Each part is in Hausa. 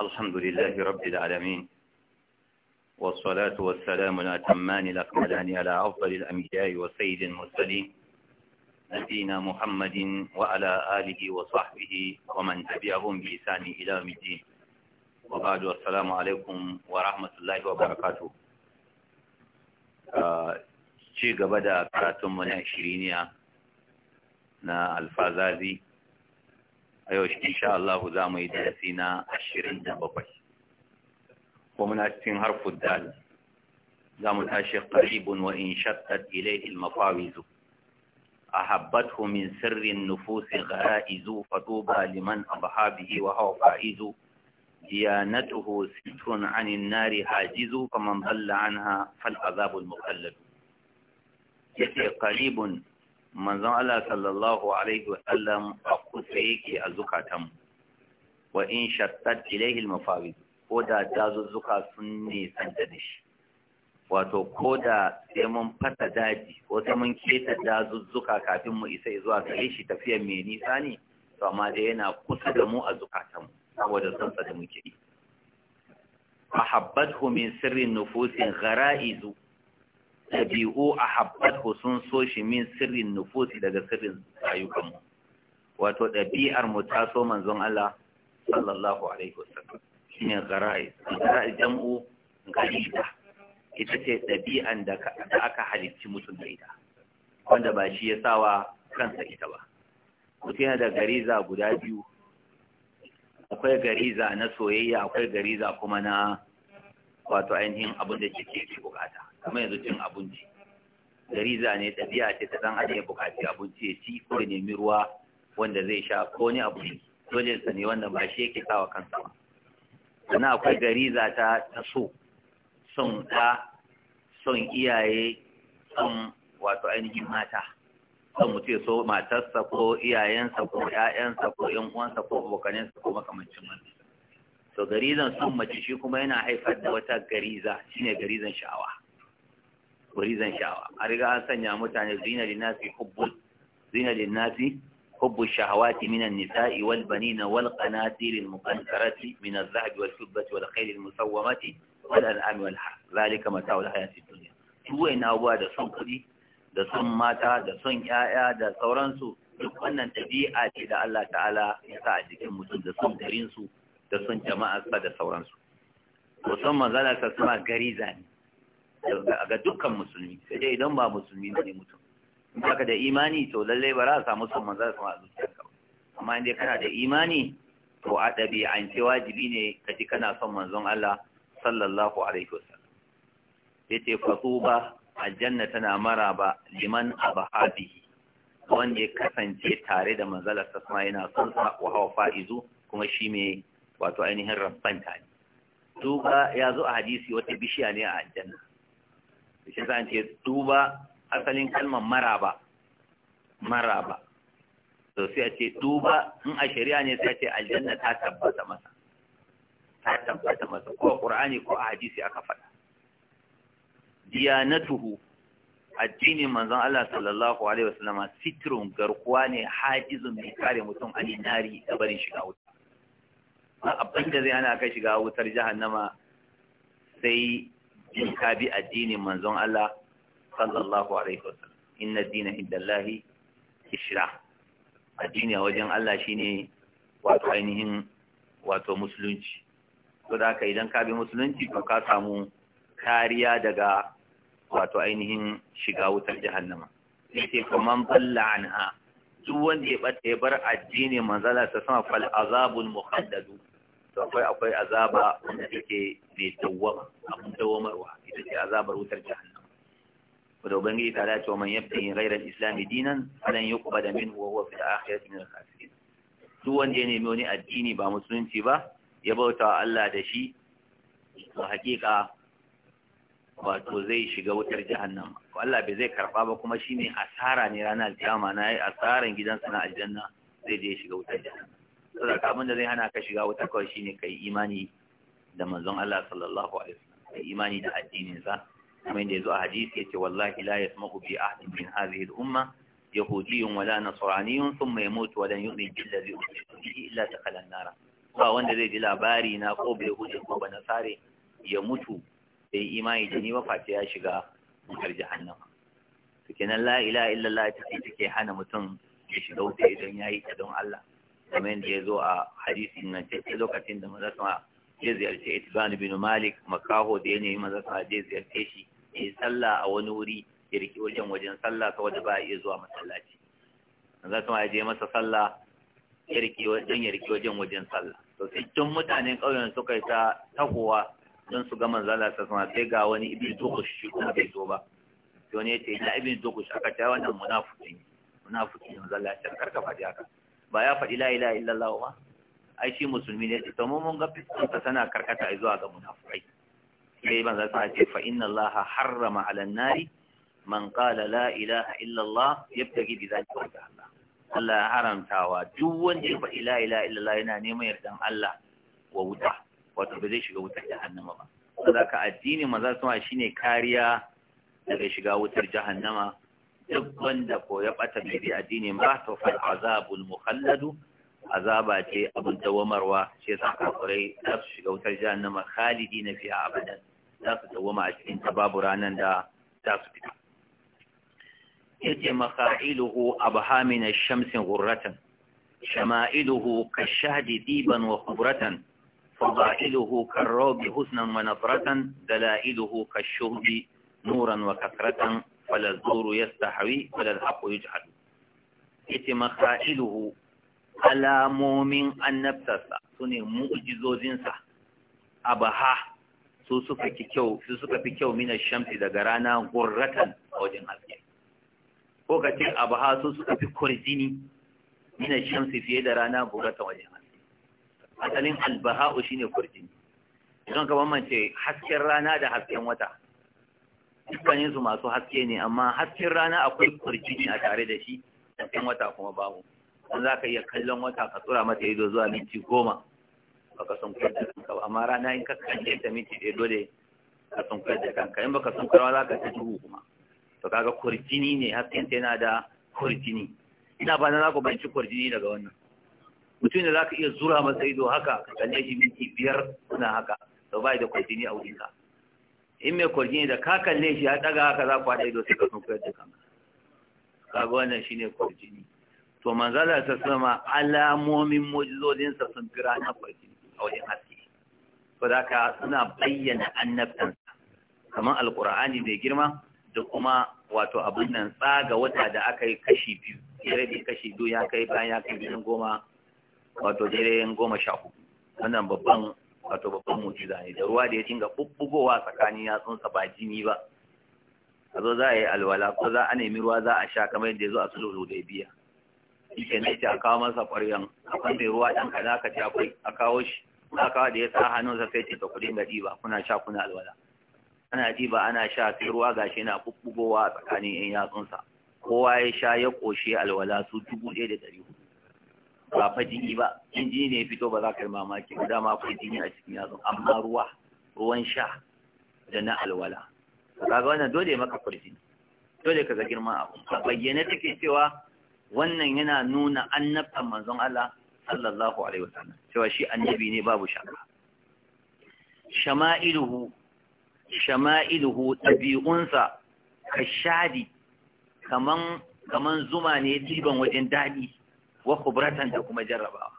الحمد لله رب العالمين والصلاة والسلام الأتمان الأكملان على أفضل الأنبياء وسيد المرسلين نبينا محمد وعلى آله وصحبه ومن تبعهم بإحسان إلى يوم الدين وبعد السلام عليكم ورحمة الله وبركاته ci gaba da karatunmu na shiriniya na alfazazi a yau insha Allah za mu yi darasi na ashirin da bakwai ko muna cikin harfin dal za mu tashi karibun wa in shaqqat ilayhi al-mafawiz ahabbathu min sirri an-nufus ghaiz fatuba liman abhabihi wa huwa faiz ديانته ستر عن النار حاجز فمن ضل عنها فالعذاب المخلد يتي قريب manzon Allah sallallahu alaihi wasallam a kusa yake a zukatan wa in shattat ilayhi al-mafawid ko da dazuzzuka sun ne san da shi wato ko da sai mun fata daji ko sai mun keta dazuzzuka kafin mu isa zuwa gare shi tafiyar mai nisa ne to amma dai yana kusa da mu a zukatan mu saboda sansa da muke yi ahabbathu min sirrin nufusin ghara'izu ɗabi'u a haɓɓarku sun so shi min sirrin nufusi daga sirrin rayukanmu wato ɗabi'ar mu ta so manzon Allah sallallahu alaihi wasallam shine gara'i gara'i jam'u garida ita ce ɗabi'an da aka halicci mutum da ita wanda ba shi ya sawa kansa ita ba mutum yana da gariza guda biyu akwai gariza na soyayya akwai gariza kuma na wato ainihin abin da ke ke bukata kamar yanzu cin abinci gariza ne ɗabi'a ce ta ɗan adam ya buƙaci abinci ya ci ko ya nemi ruwa wanda zai sha ko ni abu ne dole sa ne wanda ba shi yake sawa kansa ba sannan akwai gariza ta ta so son ɗa son iyaye son wato ainihin mata son mutum so matarsa ko iyayensa ko ƴaƴansa ko ƴan uwansa ko abokanensa ko makamancin wannan to garizan son mace shi kuma yana haifar da wata gariza shine garizan sha'awa gurizan sha'awa a riga an sanya mutane zina hubbu hubbul zina nisa'i, حب الشهوات من النساء والبنين والقناطير المقنطرة من الذهب والفضة والخيل المسومة والأنعام والحرث zalika, متاع الحياة الدنيا su wayan abuwa da son kudi da son mata da son 'ya'ya da sauransu duk wannan ɗabi'a ce da Allah ta'ala ya sa a cikin mutum da son garinsu da son jama'arsa da sauransu to son suna gari zane ga dukkan musulmi sai dai idan ba musulmi ne mutum in baka da imani to lallai ba za a samu son manzo sama a zuciyarka ba amma in dai kana da imani to a ce wajibi ne ka ji kana son manzon Allah sallallahu alaihi wasallam ce fasuba aljanna tana mara ba liman abahabihi wanda ya kasance tare da manzala sasma yana son sa wa hawa fa'izu kuma shi mai wato ainihin rabbanta ne duka ya zo a hadisi wata bishiya ne a aljanna shi sa ce duba asalin kalmar maraba maraba to sai a ce duba in a shari'a ne sai a ce aljanna ta tabbata masa ta tabbata masa ko qur'ani ko a hadisi aka faɗa diyanatuhu addinin manzon Allah sallallahu alaihi wasallama sitrun garkuwa ne hajizun mai kare mutum a dinari da barin shiga wuta ba abin da zai hana kai shiga wutar jahannama sai in ka bi addinin manzon Allah sallallahu alaihi wasallam inna dina indallahi isra addini a wajen Allah shine wato ainihin wato musulunci to da ka idan ka bi musulunci to ka samu kariya daga wato ainihin shiga wutar jahannama sai kuma man balla anha duk wanda ya bata ya bar addini manzala ta sama fal azabul muhaddadu to akwai akwai azaba wanda take ne dawwama abin dawwamarwa ita ce azabar wutar jahannam wanda ubangiji ta dace wa man yabtahi ghayra al dinan alan yuqbala min wa huwa fil akhirati min al-khasirin duk wanda ya nemi wani addini ba musulunci ba ya bauta wa Allah da shi to hakika wato zai shiga wutar jahannam Allah bai zai karba ba kuma shine asara ne ranar kiyama na yi asaran gidansa na aljanna zai je shiga wutar jahannam saboda abin da zai hana ka shiga wuta kawai shine kai imani da manzon Allah sallallahu alaihi wasallam kai imani da addinin sa kuma inda yazo a hadisi yace wallahi la yasma'u bi ahadin min hadhihi al-umma yahudiyyun wala nasraniyyun thumma yamut wa lan yu'min billazi ursiltu bihi illa dakhala an-nar ba wanda zai ji labari na ko bai hude ko ba nasare ya mutu sai imani da ni ba face ya shiga wutar jahannama to kenan la ilaha illallah ta take hana mutum ya shiga wuta idan yayi ta don Allah kamar yadda ya zo a hadisi nan cikin lokacin da maza sama ya ziyarce itibani bin malik makaho da ya nemi maza sama ya ziyarce shi ya yi sallah a wani wuri ya riƙe wajen wajen sallah saboda ba a iya zuwa masallaci maza sama ya je masa sallah ya riƙe wajen ya riƙe wajen wajen sallah to sai tun mutanen ƙauyen suka yi ta tahowa don su ga manzala sa sama sai ga wani ibn dukush shi kuma bai zo ba sai wani ya ce ina ibn dukush aka ta wannan munafiki munafiki manzala ya ce karka faɗi haka ba ya faɗi la ilaha illallah ba ai shi musulmi ne to mun mun ga fiskanta tana karkata zuwa ga munafurai. sai ban za ta ce fa inna Allah harrama ala nari man qala la ilaha illallah yabtagi bi zalika wajha Allah Allah ya haramtawa duk wanda ya faɗi la ilaha illallah yana neman yardan Allah wa wuta wato ba zai shiga wutar jahannama ba saboda ka addini maza suma shine kariya daga shiga wutar jahannama duk wanda ko ya bata mai bi addini ba to fal azabul mukhalladu azaba ce abin dawamarwa sai sa kafirai za su shiga wutar jahannama khalidina fiha abadan za su dawama a cikin ta babu ranan da za su fita yace makha'iluhu abhamin ash-shamsin ghurratan shama'iluhu kashahdi diban wa khubratan فضائله كالروب حسنا ونفرة دلائله كالشهب نورا وكثرة wala zuru yastahawi wala alhaqu yujhadu yace makha'iluhu alamomin annabtarsa sune mu'jizozinsa abaha su suka fi suka fi kyau mina shamsi daga rana gurratan wajen haske ko ka ce suka fi kurjini mina shamsi fiye da rana gurratan wajen haske asalin albaha'u shine kurjini idan ka bambance hasken rana da hasken wata dukkanin su masu haske ne amma hasken rana akwai kurkini a tare da shi cikin wata kuma babu za ka iya kallon wata ka tsura mata ido zuwa minti goma ka san kuyar da kanka ba amma rana in ka kalle ta minti ɗaya dole ka san kuyar da kanka in ba ka san kuyar za ka ta duhu kuma to kaga kurkini ne hasken ta yana da kurkini ina ba na za ku banci kurkini daga wannan mutum da za ka iya zura masa ido haka ka kalle shi minti biyar suna haka to bai da kurkini a wurinka in mai kwarji ne da ka kalle shi ya daga haka za ku haɗa ido sai ka sun koyar da kan kaga wannan shine kwarji ne to manzala ta sama alamomin sa sun kira na kwarji a wajen haske ko da ka suna bayyana annabtansa kamar alkur'ani mai girma da kuma wato abin nan tsaga wata da aka yi kashi biyu ya rabe kashi biyu ya kai bayan ya kai goma wato dare goma sha hudu wannan babban wato babban mujiza ne da ruwa da ya dinga bubbugowa tsakanin yatsunsa ba jini ba a zo za a yi alwala ko za a nemi ruwa za a sha kamar yadda ya zo a sulhu hudaybiya na ne ta kawo masa ƙwaryan san mai ruwa ɗan kaza ka ce akwai a kawo shi za kawo da ya sa hannunsa sai ce ta ku dinga ɗiba kuna sha kuna alwala ana ɗiba ana sha sai ruwa gashi yana bubbugowa tsakanin 'yan yatsunsa kowa ya sha ya ƙoshe alwala su dubu ɗaya da ɗari hudu ba fa jini ba in jini ne ya fito ba za ka yi mamaki ba dama akwai jini a cikin yatsun amma ruwa ruwan sha da na alwala ga wannan dole maka kurji dole ka ga girman abu a bayyane take cewa wannan yana nuna annabtan manzon Allah sallallahu alaihi wasallam cewa shi annabi ne babu shakka shama'iluhu shama'iluhu tabi'unsa kashadi kaman kaman zuma ne diban wajen dadi wa khubratan da kuma jarrabawa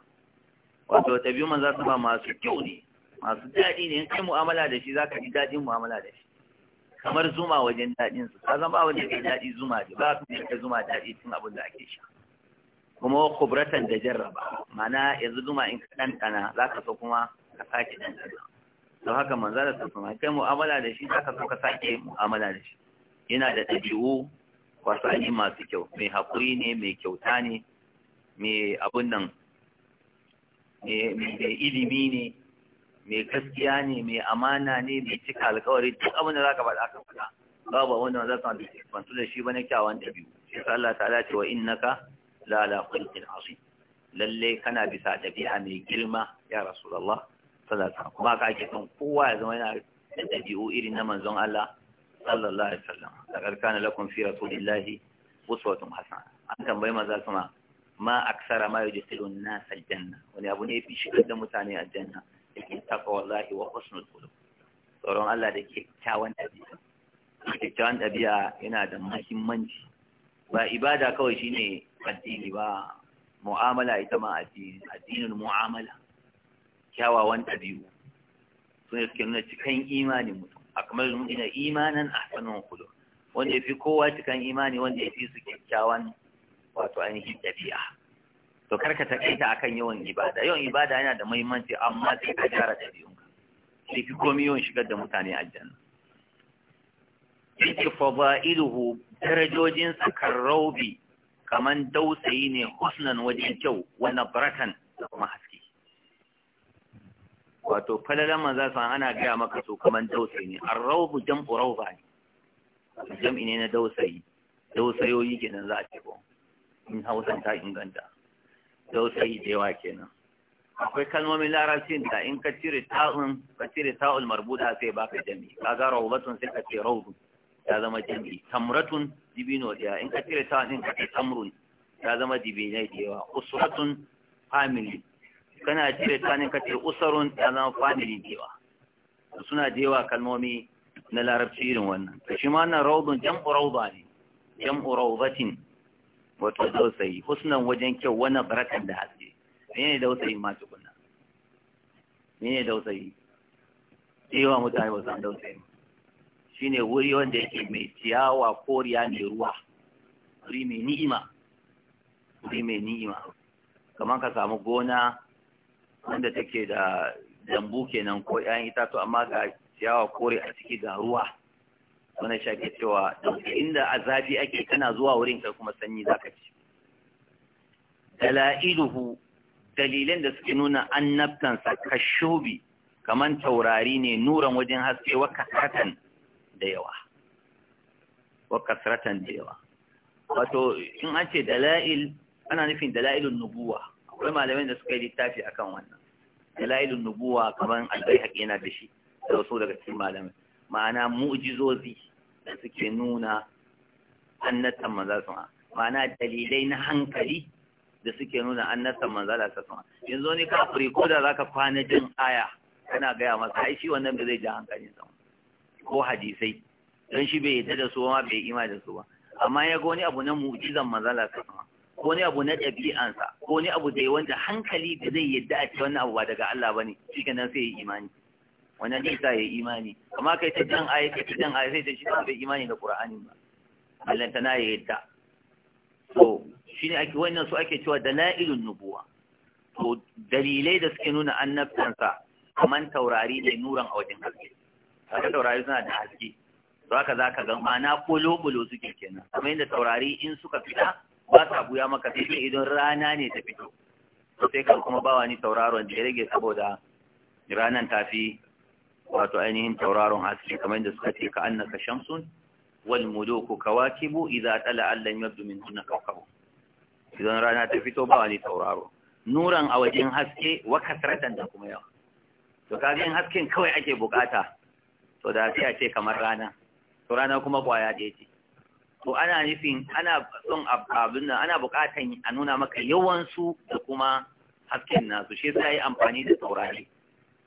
wato ta biyu man za su ba masu kyau ne masu daɗi ne in kai mu'amala da shi zaka ji daɗin mu'amala da shi kamar zuma wajen daɗin su ka zama wanda ke dadi zuma ne ba su da zuma daɗi tun abin da ake sha kuma kubratan da jarraba mana yanzu zuma in ka dan za ka so kuma ka sake ɗanɗana to haka za ta kuma kai mu'amala da shi za ka so ka sake mu'amala da shi yana da ɗabi'u ne masu kyau mai haƙuri ne mai kyauta ne mai abun nan mai ilimi ne mai gaskiya ne mai amana ne mai cika alkawari duk abin da zaka faɗa aka faɗa babu wanda za ka fantu da shi bane kyawun da biyu sai Allah ta'ala ce wa innaka la la khulqin azim lalle kana bisa dabi'a mai girma ya rasulullah sallallahu alaihi wasallam Ba ka ake son kowa ya zama yana da dabi'u irin na manzon Allah sallallahu alaihi wasallam laqad kana lakum fi rasulillahi uswatun hasana an tambayi maza kuma ma aksara ma yudkhilu an na al saljanna. wani abu ne fi shigar da mutane aljanna yake taqwa wallahi wa husnul khuluq tsoron Allah da ke kyakkyawan dabi'a kyakkyawan dabi'a yana da muhimmanci ba ibada kawai shine addini ba mu'amala ita ma addini addinin mu'amala kyawawan dabi'u sune suke nuna cikin imanin mutum akmal mu'mina imanan ahsanu khuluq wanda yafi kowa cikin imani wanda yafi su kyakkyawan wato ainihin ɗabi'a to karka taƙaita akan yawan ibada yawan ibada yana da muhimmanci amma sai ka gyara ɗabi'unka sai ki komi yawan shigar da mutane aljanna yake fada'iluhu darajojin sakar raubi kaman dausayi ne husnan wajen kyau wani baratan da kuma haske wato falalan maza san ana gaya maka so kaman dausayi ne an raubu jam'u rauba ne jam'i ne na dausayi dausayoyi kenan za a ce ba in Hausa ta inganta dausayi da yawa kenan akwai kalmomin larabcin da in ka cire ta'un ka cire ta'ul marbuta sai baka jami Ka ga rawbatun sai ka ce rawdun ya zama jami tamratun dibino ɗaya. in ka cire ta'un in ka ce tamrun ya zama dibinai da yawa usratun family kana cire ta'un in ka ce usarun ya zama family da yawa suna da yawa kalmomi na larabci irin wannan shi ma wannan rawdun jam'u rawda ne jam'u rawdatin wato dausayi husnan wajen kyau wannan barakan da haske menene dausayi ma tukunna menene dausayi cewa mutane ba san dausayi shine wuri wanda yake mai ciyawa koriya mai ruwa wuri mai ni'ima wuri mai ni'ima kamar ka samu gona wanda take da dambu kenan ko 'ya'yan itatu amma ga ciyawa kore a ciki ga ruwa wani ake cewa inda a zafi ake kana zuwa wurin kai kuma sanyi za ka ci dala'iluhu dalilan da suke nuna annabtansa kashobi kamar taurari ne nuran wajen haske wa kasratan da yawa wa da yawa wato in an ce dala'il ana nufin dala'ilun nubuwa akwai malamai da suka yi littafi akan wannan dala'ilun nubuwa kamar albai haƙi yana da shi da wasu daga cikin malamai ma'ana mu'jizozi da suke nuna annatan alaihi wasallam ma'ana dalilai na hankali da suke nuna annatan sallallahu alaihi wasallam yanzu ne kafiri ko da zaka kwana jin aya kana gaya masa ai shi wannan ba zai ji hankalin sa ko hadisai don shi bai yadda da su ba, bai ima da su ba amma ya ga wani abu na mu'jizan sallallahu alaihi wasallam ko ne abu na ɗabi'ansa ko ne abu da wanda hankali da zai yadda a ce wannan abu ba daga Allah bane shi kenan sai ya imani wannan zai sa ya yi imani amma kai ta jan aya ta jan aya sai ta shi ba imani da qur'ani ba Allah na ya yadda to shine ake wannan su ake cewa dalailun nubuwa to dalilai da suke nuna annabtansa kaman taurari ne nuran a wajen haske kaga taurari suna da haske to haka zaka ga ma'ana ko lobulo suke kenan kamar yadda taurari in suka fita ba sa buya maka sai idan rana ne ta fito sai kan kuma bawa ni tauraron da ya rage saboda ranan ta fi wato ainihin tauraron haske kamar da suka ce ka annaka shamsun wal muluku kawakibu idza tala allan yabdu min dunna kawkabu idan rana ta fito ba wani tauraro nuran a wajen haske wa kasratan da kuma yawa to kaga hasken kawai ake bukata to da sai a ce kamar rana to rana kuma kwaya ɗaya ce to ana nufin ana son abin ana bukatan a nuna maka yawan su da kuma hasken nasu shi sai amfani da taurari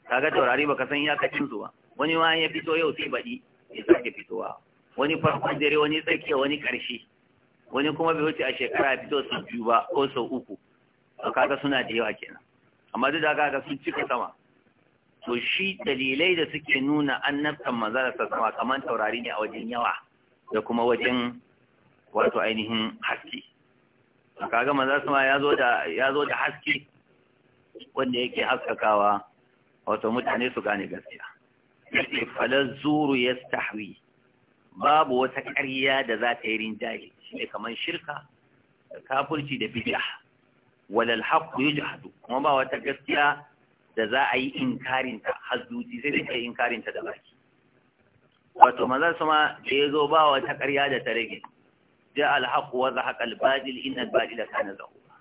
kaga taurari baka san ya kacin zuwa wani ma ya fito yau sai baɗi ya sake fitowa wani farkon dare wani tsakiya wani ƙarshe wani kuma bai wuce a shekara ya fito sau biyu ba ko sau uku to kaga suna da yawa kenan amma duk da kaga sun cika sama to shi dalilai da suke nuna annabtan manzara ta sama kamar taurari ne a wajen yawa da kuma wajen wato ainihin haske kaga manzara sama ya zo da haske wanda yake haskakawa wato mutane su gane gaskiya yake falar zuru ya stahwi babu wata ƙarya da za ta yi rinjaye shine kamar shirka da kafurci da bid'a walal haqqu yujhadu kuma ba wata gaskiya da za a yi inkarinta har sai dai kai inkarinta da baki wato maza su ma da ya zo ba wata ƙarya da ta rage ja alhaƙu wa za haƙa Inna in da kana zahuwa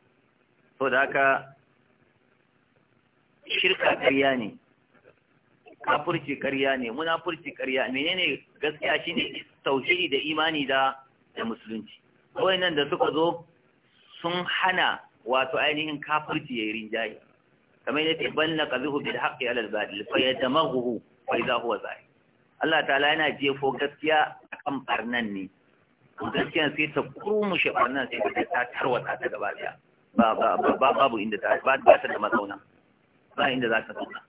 so da haka shirka ƙarya ne kafurci ƙarya ne munafurci ƙarya menene gaskiya shine tauhidi da imani da da musulunci nan da suka zo sun hana wato ainihin kafurci yayin rinjaye kamar yadda banna qazihu bil haqqi ala al batil fa yatamaghu fa idha huwa zahir Allah ta'ala yana jefo gaskiya akan barnan ne gaskiya sai ta kurmushe barnan sai ta tarwata ta gaba daya ba ba babu inda ta ba ta da mazauna ba da za ka zauna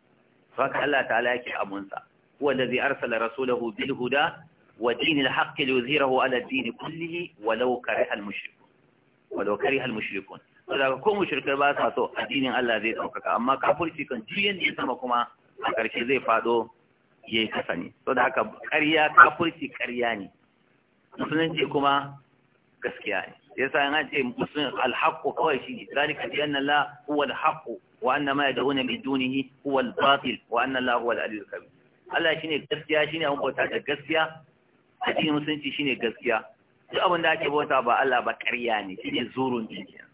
haka Allah ta yake amunsa huwa allazi arsala rasulahu bil huda wa dinil haqq liyuzhirahu ala ad-din kullihi walau kariha al-mushrikun ko mushrikai ba sa so addinin Allah zai ɗaukaka amma kafurci kan duk ya sama kuma a ƙarshe zai ya yayi kasa ne da haka ƙarya kafirci ƙarya ne musulunci kuma gaskiya ne yasa yana ce musulun alhaqqu kawai shi zalika bi anna la huwa alhaqqu wa anna ma yad'una bi dunihi huwa albatil wa anna la huwa alaliyyul kabir Allah shine gaskiya shine an bauta da gaskiya addinin musulunci shine gaskiya duk abin da ake bauta ba Allah ba ƙarya ne shine zurun dukiya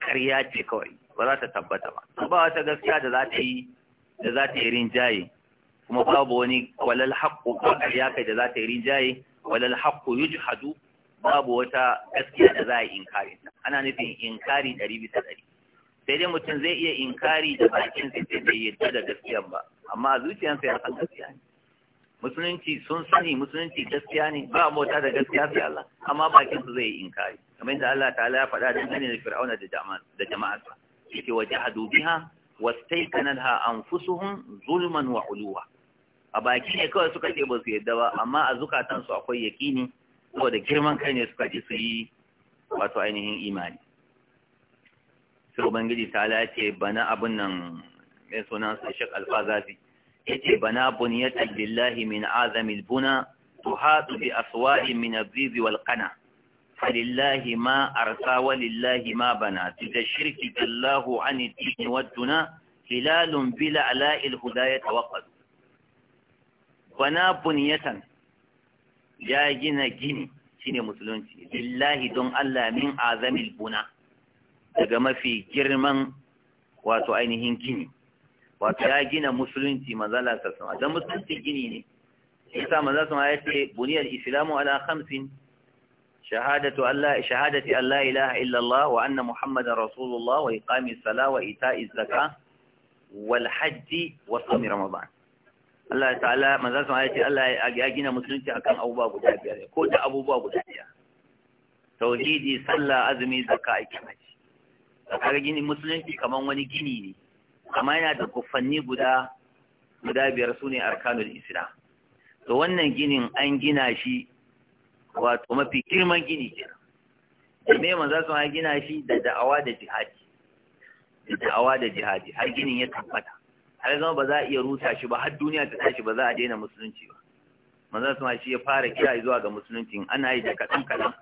ƙarya ce kawai ba za ta tabbata ba ba wata gaskiya da za ta yi da za ta yi rinjaye kuma babu wani walal haqqu ba ƙarya kai da za ta yi rinjaye walal haqqu yujhadu babu wata gaskiya da za a inkari ana nufin inkari ɗari bisa ɗari sai dai mutum zai iya inkari da bakin sai sai bai yarda da gaskiya ba amma a zuciyarsa ya san gaskiya ne musulunci sun sani musulunci gaskiya ne ba mota da gaskiya sai Allah amma bakin su zai inkari kamar yadda Allah ta'ala ya faɗa dangane da Fir'auna da jama'a da jama'arsa yake waje hadu biha wastaykanaha anfusuhum zulman wa uluwa a baki ne kawai suka ce ba su yarda ba amma a zukatansu akwai yakini saboda girman kai ne suka ji su yi wato ainihin imani sai ubangiji ta ce bana abun nan mai sunan sa shek alfazazi yace bana bunyatan lillahi min azami buna tuhadu bi aswa'i min azizi wal qana falillahi ma arsa lillahi ma bana shirki, billahu an ad-din wad duna hilalun bila ala'il hudayat tawaqqad bana bunyatan ya gina gini shine musulunci Lillahi don Allah min azamil buna daga mafi girman wato ainihin gini wato ya gina musulunci manzala sassama don musulunci gini ne isa manza sun ya ce buniyar islamu ala hamsin shahadati Allah ilaha illallah wa anna muhammadan rasulullah wa iqami sala wa ita'i zaka wal hajji wa sami ramadan Allah ta'ala manzo sun ayace Allah ya gina musulunci akan abubuwa guda biyar ko da abubuwa guda biyar tauhidi sallah azumi zakka aikin haji kaga gini musulunci kaman wani gini ne amma yana da kufanni guda guda biyar sune arkanul islam to wannan ginin an gina shi wato mafi girman gini kenan da me manzo sun gina shi da da'awa da jihadi da da'awa da jihadi har ginin ya tabbata har zama ba za a iya rusa shi ba har duniya ta tashi ba za a daina musulunci ba manzon sama shi ya fara kira zuwa ga musuluncin ana yi da kaɗan kaɗan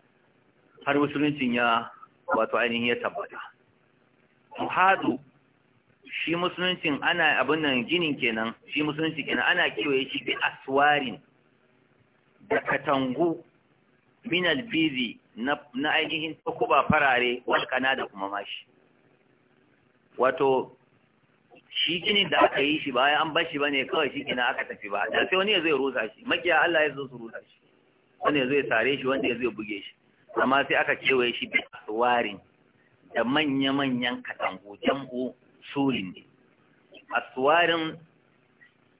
har musuluncin ya wato ainihin ya tabbata muhadu shi musuluncin ana abin nan ginin kenan shi musulunci kenan ana kewaye shi bi aswarin da katangu min albizi na ainihin takuba farare walkana da kuma mashi wato shi gini da aka yi shi bayan an bashi bane kawai shi gina aka tafi ba da sai wani ya zai rusa shi makiya Allah ya zo su rusa shi wani ya zai sare shi wanda ya zai buge shi amma sai aka kewaye shi da aswarin da manya-manyan katangu jam'u surin ne aswarin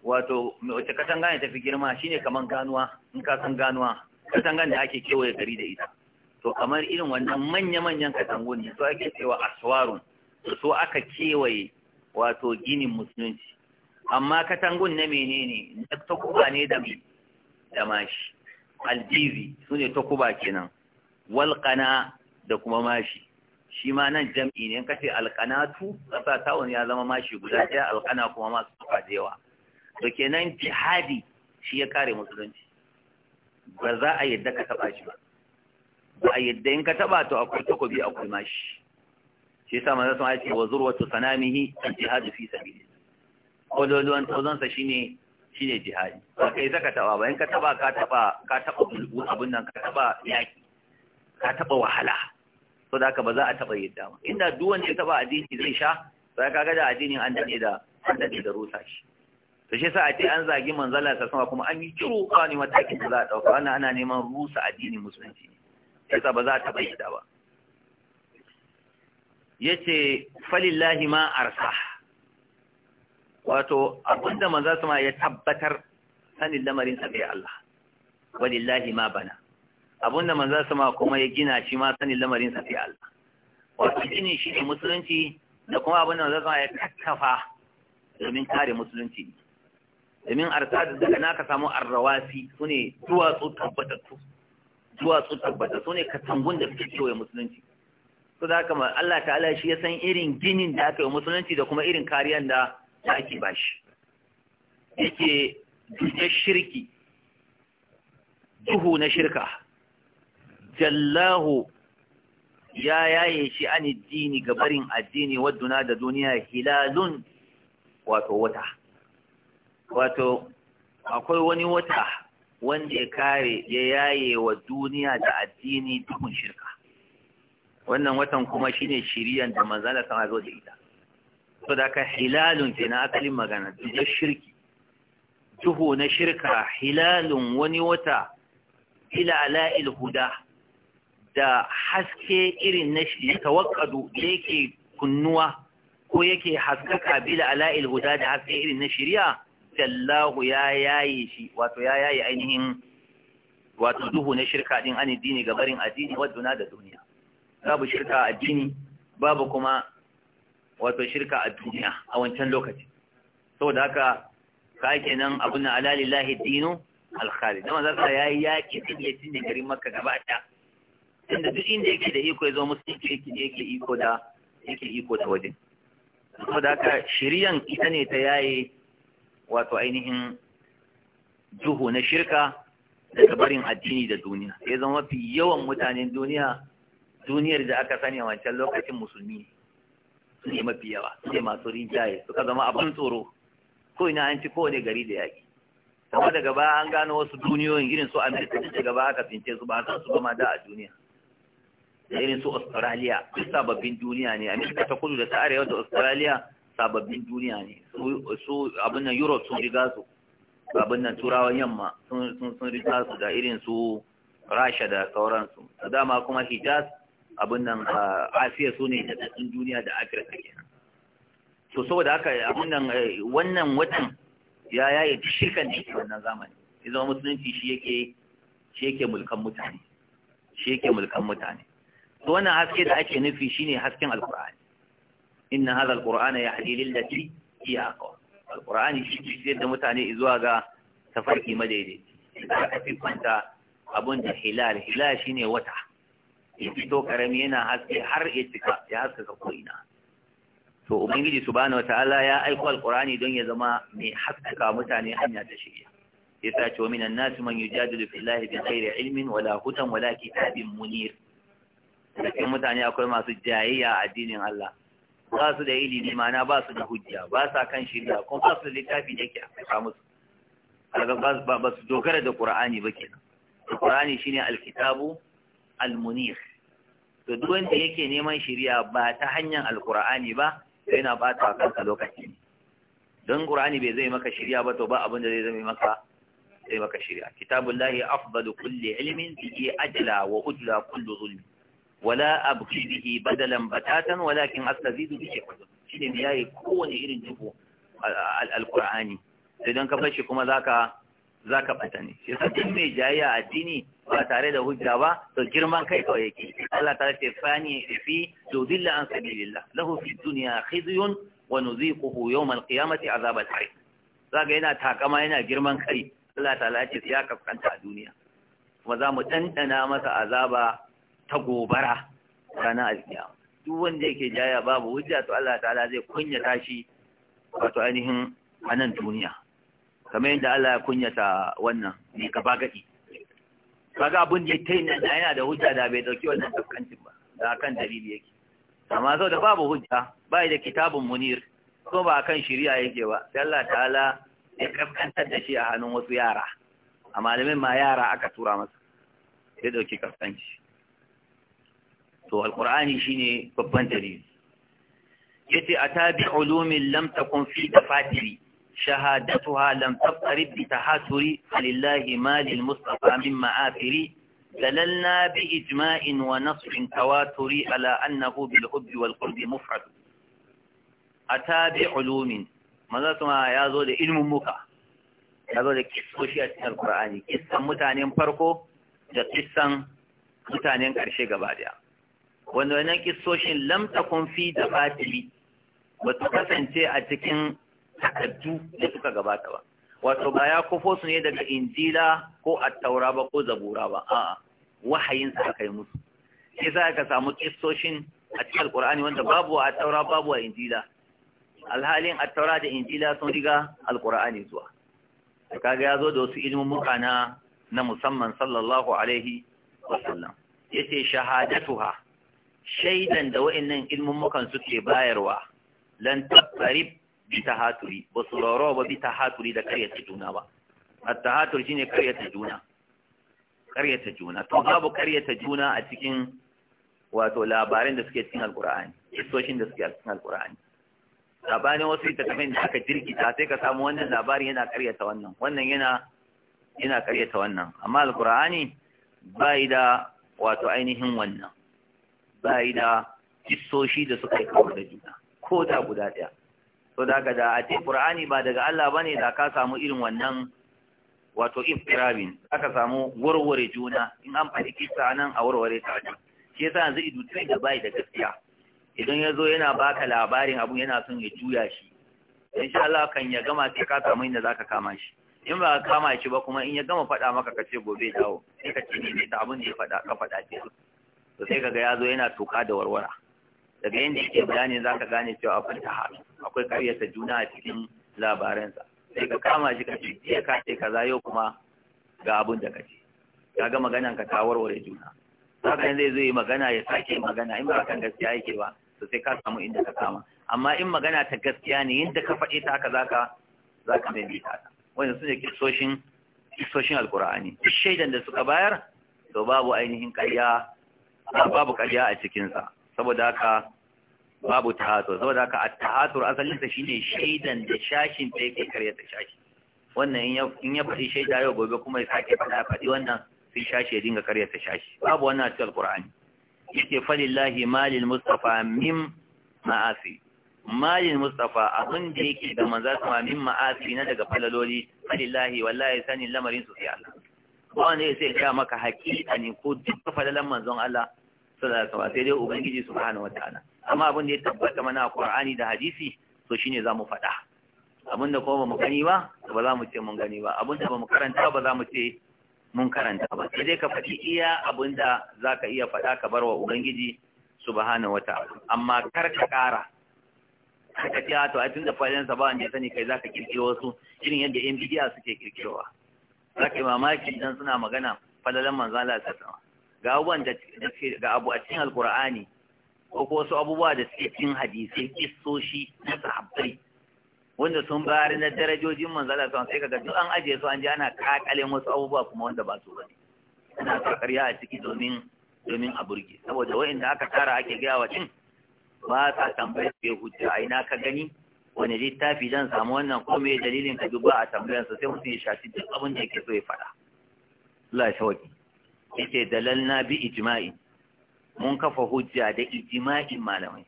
wato wace katanga ne tafi girma shine kamar ganuwa in ka san ganuwa katangan da ake kewaye gari da ita to kamar irin wannan manya-manyan katangu ne so ake cewa aswarun so aka kewaye wato ginin musulunci amma katangun na menene na takuba ne da da mashi aljizi su ne takuba kenan walƙana da kuma mashi shi ma nan jam'i ne alƙana tu ƙasa tawon ya zama mashi guda ɗaya alƙana kuma masu tufa da yawa ke kenan jihadi shi ya kare musulunci ba za a yadda ka taɓa shi ba ba a yadda in ka taɓa to akwai takobi akwai mashi shi sa manzo sun aiki wa zurwatu sanamihi jihadu fi sabili kololuwan tauzansa shine shine jihadi ba kai saka taba ba in ka taba ka taba ka taba bulbu abin nan ka taba yaki ka taba wahala so da haka ba za a taba yadda ba inda duk wanda ya taba addini zai sha sai kaga da addinin an dade da an dade da rusa shi to shi yasa a ce an zagi manzala sa sama kuma an yi kiro kawai matakin da za a dauka wannan ana neman rusa addinin musulunci ne yasa ba za a taba yadda ba Ya ce falillahi ma arsa" wato abinda su ma ya tabbatar sanin lamarin sa Allah walillahi ma bana abinda su ma kuma ya gina shi ma sanin lamarin sa Allah wato gini shi ne musulunci da kuma abinda su ma ya kakkafa domin kare musulunci domin arsa daga naka samu arrawasi sune duwatsu tabbatattu duwatsu su sune katangun da suke kewaye musulunci so da kamar Allah ta'ala shi ya san irin ginin da aka yi musulunci da kuma irin kariyar da ake ba shi. yake duka shirki duhu na shirka jallahu ya yaye shi an dini barin addini wadduna da duniya hilalun wato wata wato akwai wani wata wanda ya kare ya yaye wa duniya da addini duhun shirka wannan watan kuma shine shiriyan da manzala sama zo da ita to da ka hilalun ke na asalin magana da shirki duhu na shirka hilalun wani wata ila ala'il huda da haske irin na shi tawakkadu da yake kunnuwa ko yake haskaka bila ala'il huda da haske irin na shirya? sallahu ya yaye shi wato ya yaye ainihin wato duhu na shirka din ani dini gabarin addini wa da duniya babu shirka a addini babu kuma wato shirka a duniya a wancan lokaci saboda haka ka kenan abun alalillahi dino alkhali da manzo ta yayi da iya cinye garin Makka gaba ɗaya inda duk inda yake da iko ya zo musulunci yake yake iko da yake iko da wajen saboda haka shiriyan ita ne ta yaye wato ainihin duhu na shirka daga barin addini da duniya ya zama mafi yawan mutanen duniya duniyar da aka sani a wancan lokacin musulmi su ne mafi yawa su ne masu rinjaye suka zama abin tsoro ko ina an ci kowane gari da yaƙi kuma daga baya an gano wasu duniyoyin irin su amerika da daga baya aka fince su ba san su gama da a duniya da irin su australia sababbin duniya ne amerika ta kudu da ta arewa da australia sababbin duniya ne su abin nan europe sun riga su abin nan turawan yamma sun riga su da irin su rasha da sauransu da dama kuma hijaz abin nan asiya su ne da ɗan duniya da afirka kenan So saboda haka abin nan eh, wannan watan ya yaye shirkan da yake wannan zamani ya zama musulunci shi yake shi mulkan mutane shi yake mulkan mutane to wannan haske da ake nufi shine hasken alkur'ani inna hadha alqur'ana yahdi lil lati hiya aqwa alqur'ani shi ke da mutane zuwa ga tafarki madaidaici da ake kwanta abin da hilal hilal shine wata ya fito karami yana haske har ya cika ya haskaka ko'ina to ubangiji subhanahu wataala ya aiko alqur'ani don ya zama mai haskaka mutane hanya ta shirya yasa ce minan nasu man yujadilu fillahi bi ghairi ilmin wala hudan wala kitabin munir cikin mutane akwai masu jayayya a addinin Allah ba su da ilimi mana ba su da hujja ba sa kan shirya kuma ba su da littafi da ke a musu ba su dogara da qur'ani ba kenan qur'ani shine alkitabu almunir to duk wanda yake neman shiriya ba ta hanyar alkur'ani ba yana bata kanka lokaci don qur'ani bai zai maka shiriya ba to ba abin da zai zama maka zai maka shiriya kitabullahi afdalu kulli ilmin bihi ajla wa ujla kullu zulmi wala abqi bihi badalan batatan walakin astazidu bihi shine yayi kowane irin jiko alkur'ani sai don ka bar shi kuma zaka za ka ɓata ne shi sa duk mai jayayya a addini ba tare da hujja ba to girman kai kawai yake Allah ta ce fani fi dudilla an sabilillah lahu fi duniya khizyun wa nuziquhu yawm alqiyamati azab al-hayy zaka yana takama yana girman kai Allah ta ce sai kafkanta a duniya kuma za mu dandana masa azaba ta gobara ranar alkiyama duk wanda yake jaya babu hujja to Allah Ta zai kunya tashi. wato ainihin a nan duniya kamar yadda Allah ya kunyata wannan ne gaba gadi kaga abin da ta da yana da hujja da bai dauki wannan tafkancin ba da kan dalili yake amma sau da babu hujja bai da kitabun munir ko ba kan shari'a yake ba sai Allah ta'ala ya kaskantar da shi a hannun wasu yara a malamin ma yara aka tura masa ya dauki kafkanci to alqur'ani shine babban dalili yace atabi ulumin lam takun fi dafatiri شهادتها لم تقترب بتحاسر فلله ما للمصطفى من معافر دللنا بإجماع ونصف تواتر على أنه بالحب والقرب مفرد أتى بعلوم ماذا سمع يا ذو علم مكة يا ذو كسوشي أتنى القرآن كسا متعنين فرقو da kisan mutanen ƙarshe gaba daya wanda wannan kisoshin lam takun fi da batili ba ta kasance a cikin takaddu da suka gabata ba wato ba ya kofo su ne daga injila ko attaura ba ko zabura ba a'a wahayin sa aka yi musu sai za ka samu kistoshin a cikin alkur'ani wanda babu a attaura babu a injila alhalin attaura da injila sun riga alkur'ani zuwa kaga ya zo da wasu ilimin na na musamman sallallahu alaihi wasallam yace shahadatuha shaidan da wa'annan ilmummukan suke bayarwa lan taqrib bi haturi ba su rauro ba bi haturi da karyata juna ba ta haturi shine karyata juna karyata juna to babu karyata juna a cikin wato labarin da suke cikin alkur'ani istoshin da suke cikin alkur'ani labarin wasu littattafai da aka jirkita sai ka samu wannan labarin yana karyata wannan wannan yana yana karyata wannan amma ba bai da wato ainihin wannan bai da kissoshi da suka yi kawo da juna ko ta guda ɗaya so da haka da a ce qur'ani ba daga Allah ne da ka samu irin wannan wato iftirabin aka samu warware juna in an faɗi kissa nan a warware ta nan shi yasa yanzu idu tun da bai da gaskiya idan ya zo yana baka labarin abun yana son ya juya shi insha Allah kan ya gama sai ka samu inda zaka kama shi in ba ka kama shi ba kuma in ya gama faɗa maka ka ce gobe dawo sai ka ce ne da abun da ya faɗa ka faɗa ce to sai kaga ya zo yana toka da warwara daga yadda yake bayani za ka gane cewa akwai ta akwai karyata juna a cikin labaransa sai ka kama shi ka ce jiya ka ce kaza yau kuma ga abun da kace ka ga maganan ka ta warware juna haka zai zo yi magana ya sake magana in ba kan gaskiya yake ba to sai ka samu inda ka kama amma in magana ta gaskiya ne yadda ka faɗi ta haka zaka zaka mai bi ta wanda su ne kisoshin kisoshin alkur'ani shaidan da suka bayar to babu ainihin ƙarya babu ƙarya a cikinsa saboda haka babu tahatur saboda haka a tahatur asalin ta shine shaidan da shashin ta yake ta shashi wannan in ya faɗi shaida yau gobe kuma ya sake fada faɗi wannan sai shashi ya dinga ta shashi babu wannan a cikin alqur'ani yake falillahi malil mustafa mim ma'asi malil mustafa abin da yake da manza kuma min ma'asi na daga falaloli falillahi wallahi sanin lamarin su sai Allah wannan sai ya maka hakika ne ko duk falalan manzon Allah sallallahu alaihi wasallam sai dai ubangiji subhanahu ana, amma abin da ya tabbata mana a Qur'ani da hadisi to shine zamu faɗa abin da kuma mu gani ba ba za mu ce mun gani ba abin da ba mu karanta ba za mu ce mun karanta ba sai dai ka faɗi iya abin da zaka iya faɗa ka bar wa ubangiji subhanahu wataala amma kar ka ƙara ka ce ah, to a tunda da fadansa ba wanda ya sani kai zaka kirkiro su irin yadda yan bidiya suke kirkirowa zaka yi mamaki dan suna magana falalan manzala ta sama ga abubuwan da ga abu a cikin alkur'ani ko ko wasu abubuwa da suke cikin hadisai kissoshi na sahabbai wanda sun bayar na darajojin manzo Allah sai kaga duk an ajiye su an ji ana kakale wasu abubuwa kuma wanda ba su bane ana karya a ciki domin domin a burge saboda da aka tara ake gaya wa cin ba sa tambayar su hujja a ina ka gani wani littafi zan samu wannan ko me dalilin ka bi ba a tambayar su sai mutum ya shafi duk abin da yake so ya faɗa Allah ya sauke yace dalalna bi ijma'i mun kafa hujja da ijma'in malamai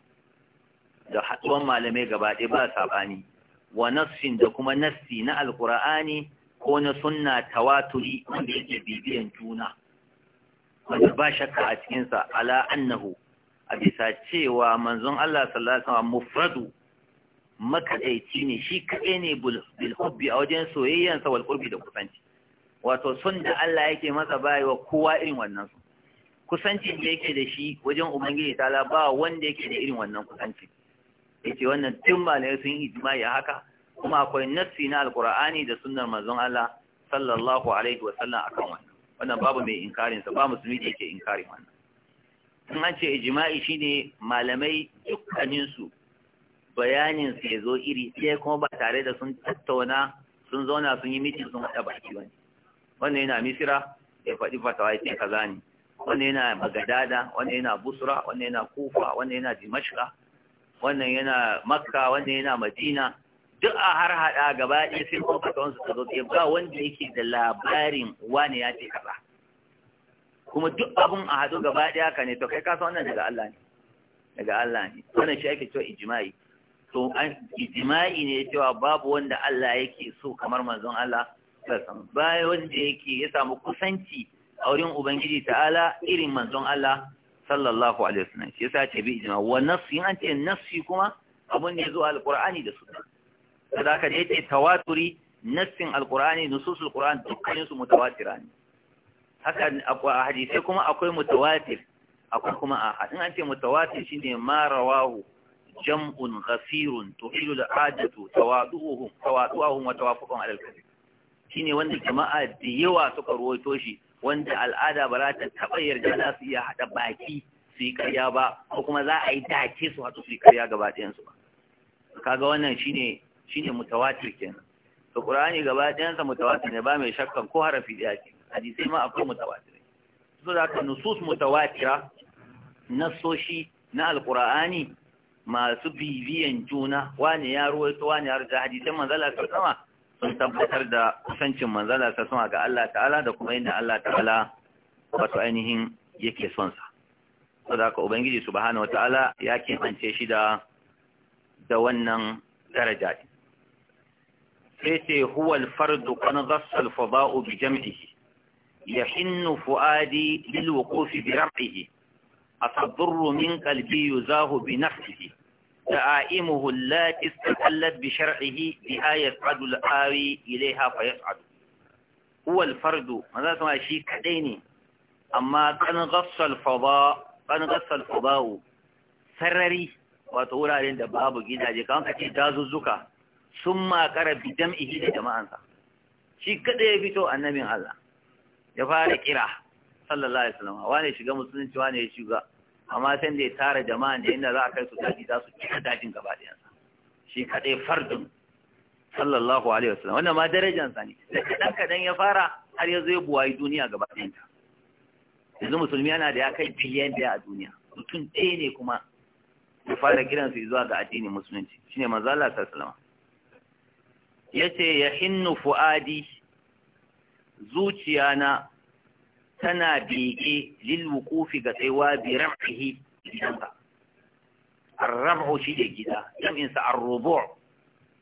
da haɗuwan malamai gaba ɗaya ba saɓani wa nassin da kuma nassi na alqur'ani ko na sunna tawaturi wanda yake bibiyan juna wanda ba shakka a sa ala annahu a bisa cewa manzon Allah sallallahu alaihi mufradu makaɗaici ne shi kaɗai ne bil hubbi a wajen soyayyansa wal qurbi da kusanci wato sun da Allah yake masa wa kowa irin wannan su kusanci da yake da shi wajen ubangiji ta'ala ba wanda yake da irin wannan kusanci yace wannan tun malamai sun ijma'i haka kuma akwai nassi na alqur'ani da sunnar manzon Allah sallallahu alaihi wa sallam akan wannan wannan babu mai inkarin sa ba musulmi da yake inkarin wannan in an ce ijma'i shine malamai dukkanin su bayanin su yazo iri sai kuma ba tare da sun tattauna sun zauna sun yi mitin sun hada baki wani wannan yana misira ya faɗi fatawa ya ce kaza ne wannan yana Magadada. wannan yana busra wannan yana kufa wannan yana dimashka wannan yana makka wannan yana madina duk a har haɗa gaba ɗaya sai kuma fatawansu ta zo ɗaya ba wanda yake da labarin wane ya ce kaza kuma duk abun a haɗu gaba ɗaya ka ne to kai kasa wannan daga Allah ne daga Allah ne wannan shi ake cewa ijma'i to an ijma'i ne cewa babu wanda Allah yake so kamar manzon Allah sallallahu baya wanda yake ya samu kusanci a wurin ubangiji ta'ala irin manzon Allah sallallahu alaihi wasallam shi yasa ce bi ijma wa nafsi an ce nafsi kuma abun ne zuwa alqur'ani da sunna kada ka ce tawaturi nassin alqur'ani nususul qur'an dukkan su mutawatira ne haka a hadisi kuma akwai mutawatir akwai kuma ahad in an ce mutawatir shine ma rawahu jam'un ghasirun tuhilu al-hajatu tawaduhum tawaduhum wa tawafuqun al-kadhib shine wanda jama'a da yawa suka ruwaito shi wanda al'ada ba za ta taɓa yarda za su iya haɗa baki su yi karya ba ko kuma za a yi dace su haɗu su yi karya gaba ɗayansu ba kaga wannan shine shine mutawatir kenan to qur'ani gaba ɗayansa mutawatir ne ba mai shakkan ko harafi da yake hadisai ma akwai mutawatir so da ka nusus mutawatira nasoshi na alqur'ani masu bibiyan juna wani ya ruwaito wani ya rubuta hadisan manzala sallama sun tabbatar da kusancin manzala ta suna ga Allah ta'ala da kuma inda Allah ta'ala wato ainihin yake sonsa. sa saboda ka ubangiji subhanahu ta'ala ya kimance shi da wannan daraja sai ce huwal fardu kan zassal faba’u bi jam'ihi hinnu fuadi lil kofi bi sabbin rumin kalbi qalbi yuzahu bi nafsihi دعائمه التي استقلت بشرعه بها يسعد الآوي إليها فيسعد هو الفرد ماذا سمع شيء كديني أما كان غص الفضاء كان غص الفضاء سرري وتقول عند باب جدا كان كتير دازو زكا ثم قرب بدمئه لجماعة shi kada ya fito annabin Allah ya fara kira sallallahu alaihi wasallam wane shiga musulunci wane ya shiga amma sai da ya tara jama'a da inda za a kai su daji za su kira dajin gaba yansa shi kaɗai fardun sallallahu alaihi wasallam wannan ma darajansa ne da kaɗan kaɗan ya fara har ya zo ya buwayi duniya gaba ɗayanta yanzu musulmi yana da ya kai biliyan da a duniya mutum ɗaya ne kuma ya fara kiransu zuwa ga addinin musulunci shine manzo Allah sallallahu alaihi wasallam yace yahinnu fuadi zuciyana tana bege lil wuqufi ga tsayuwa bi rafihi gidanka ar-rabu shi ne gida jam'in sa ar-rubu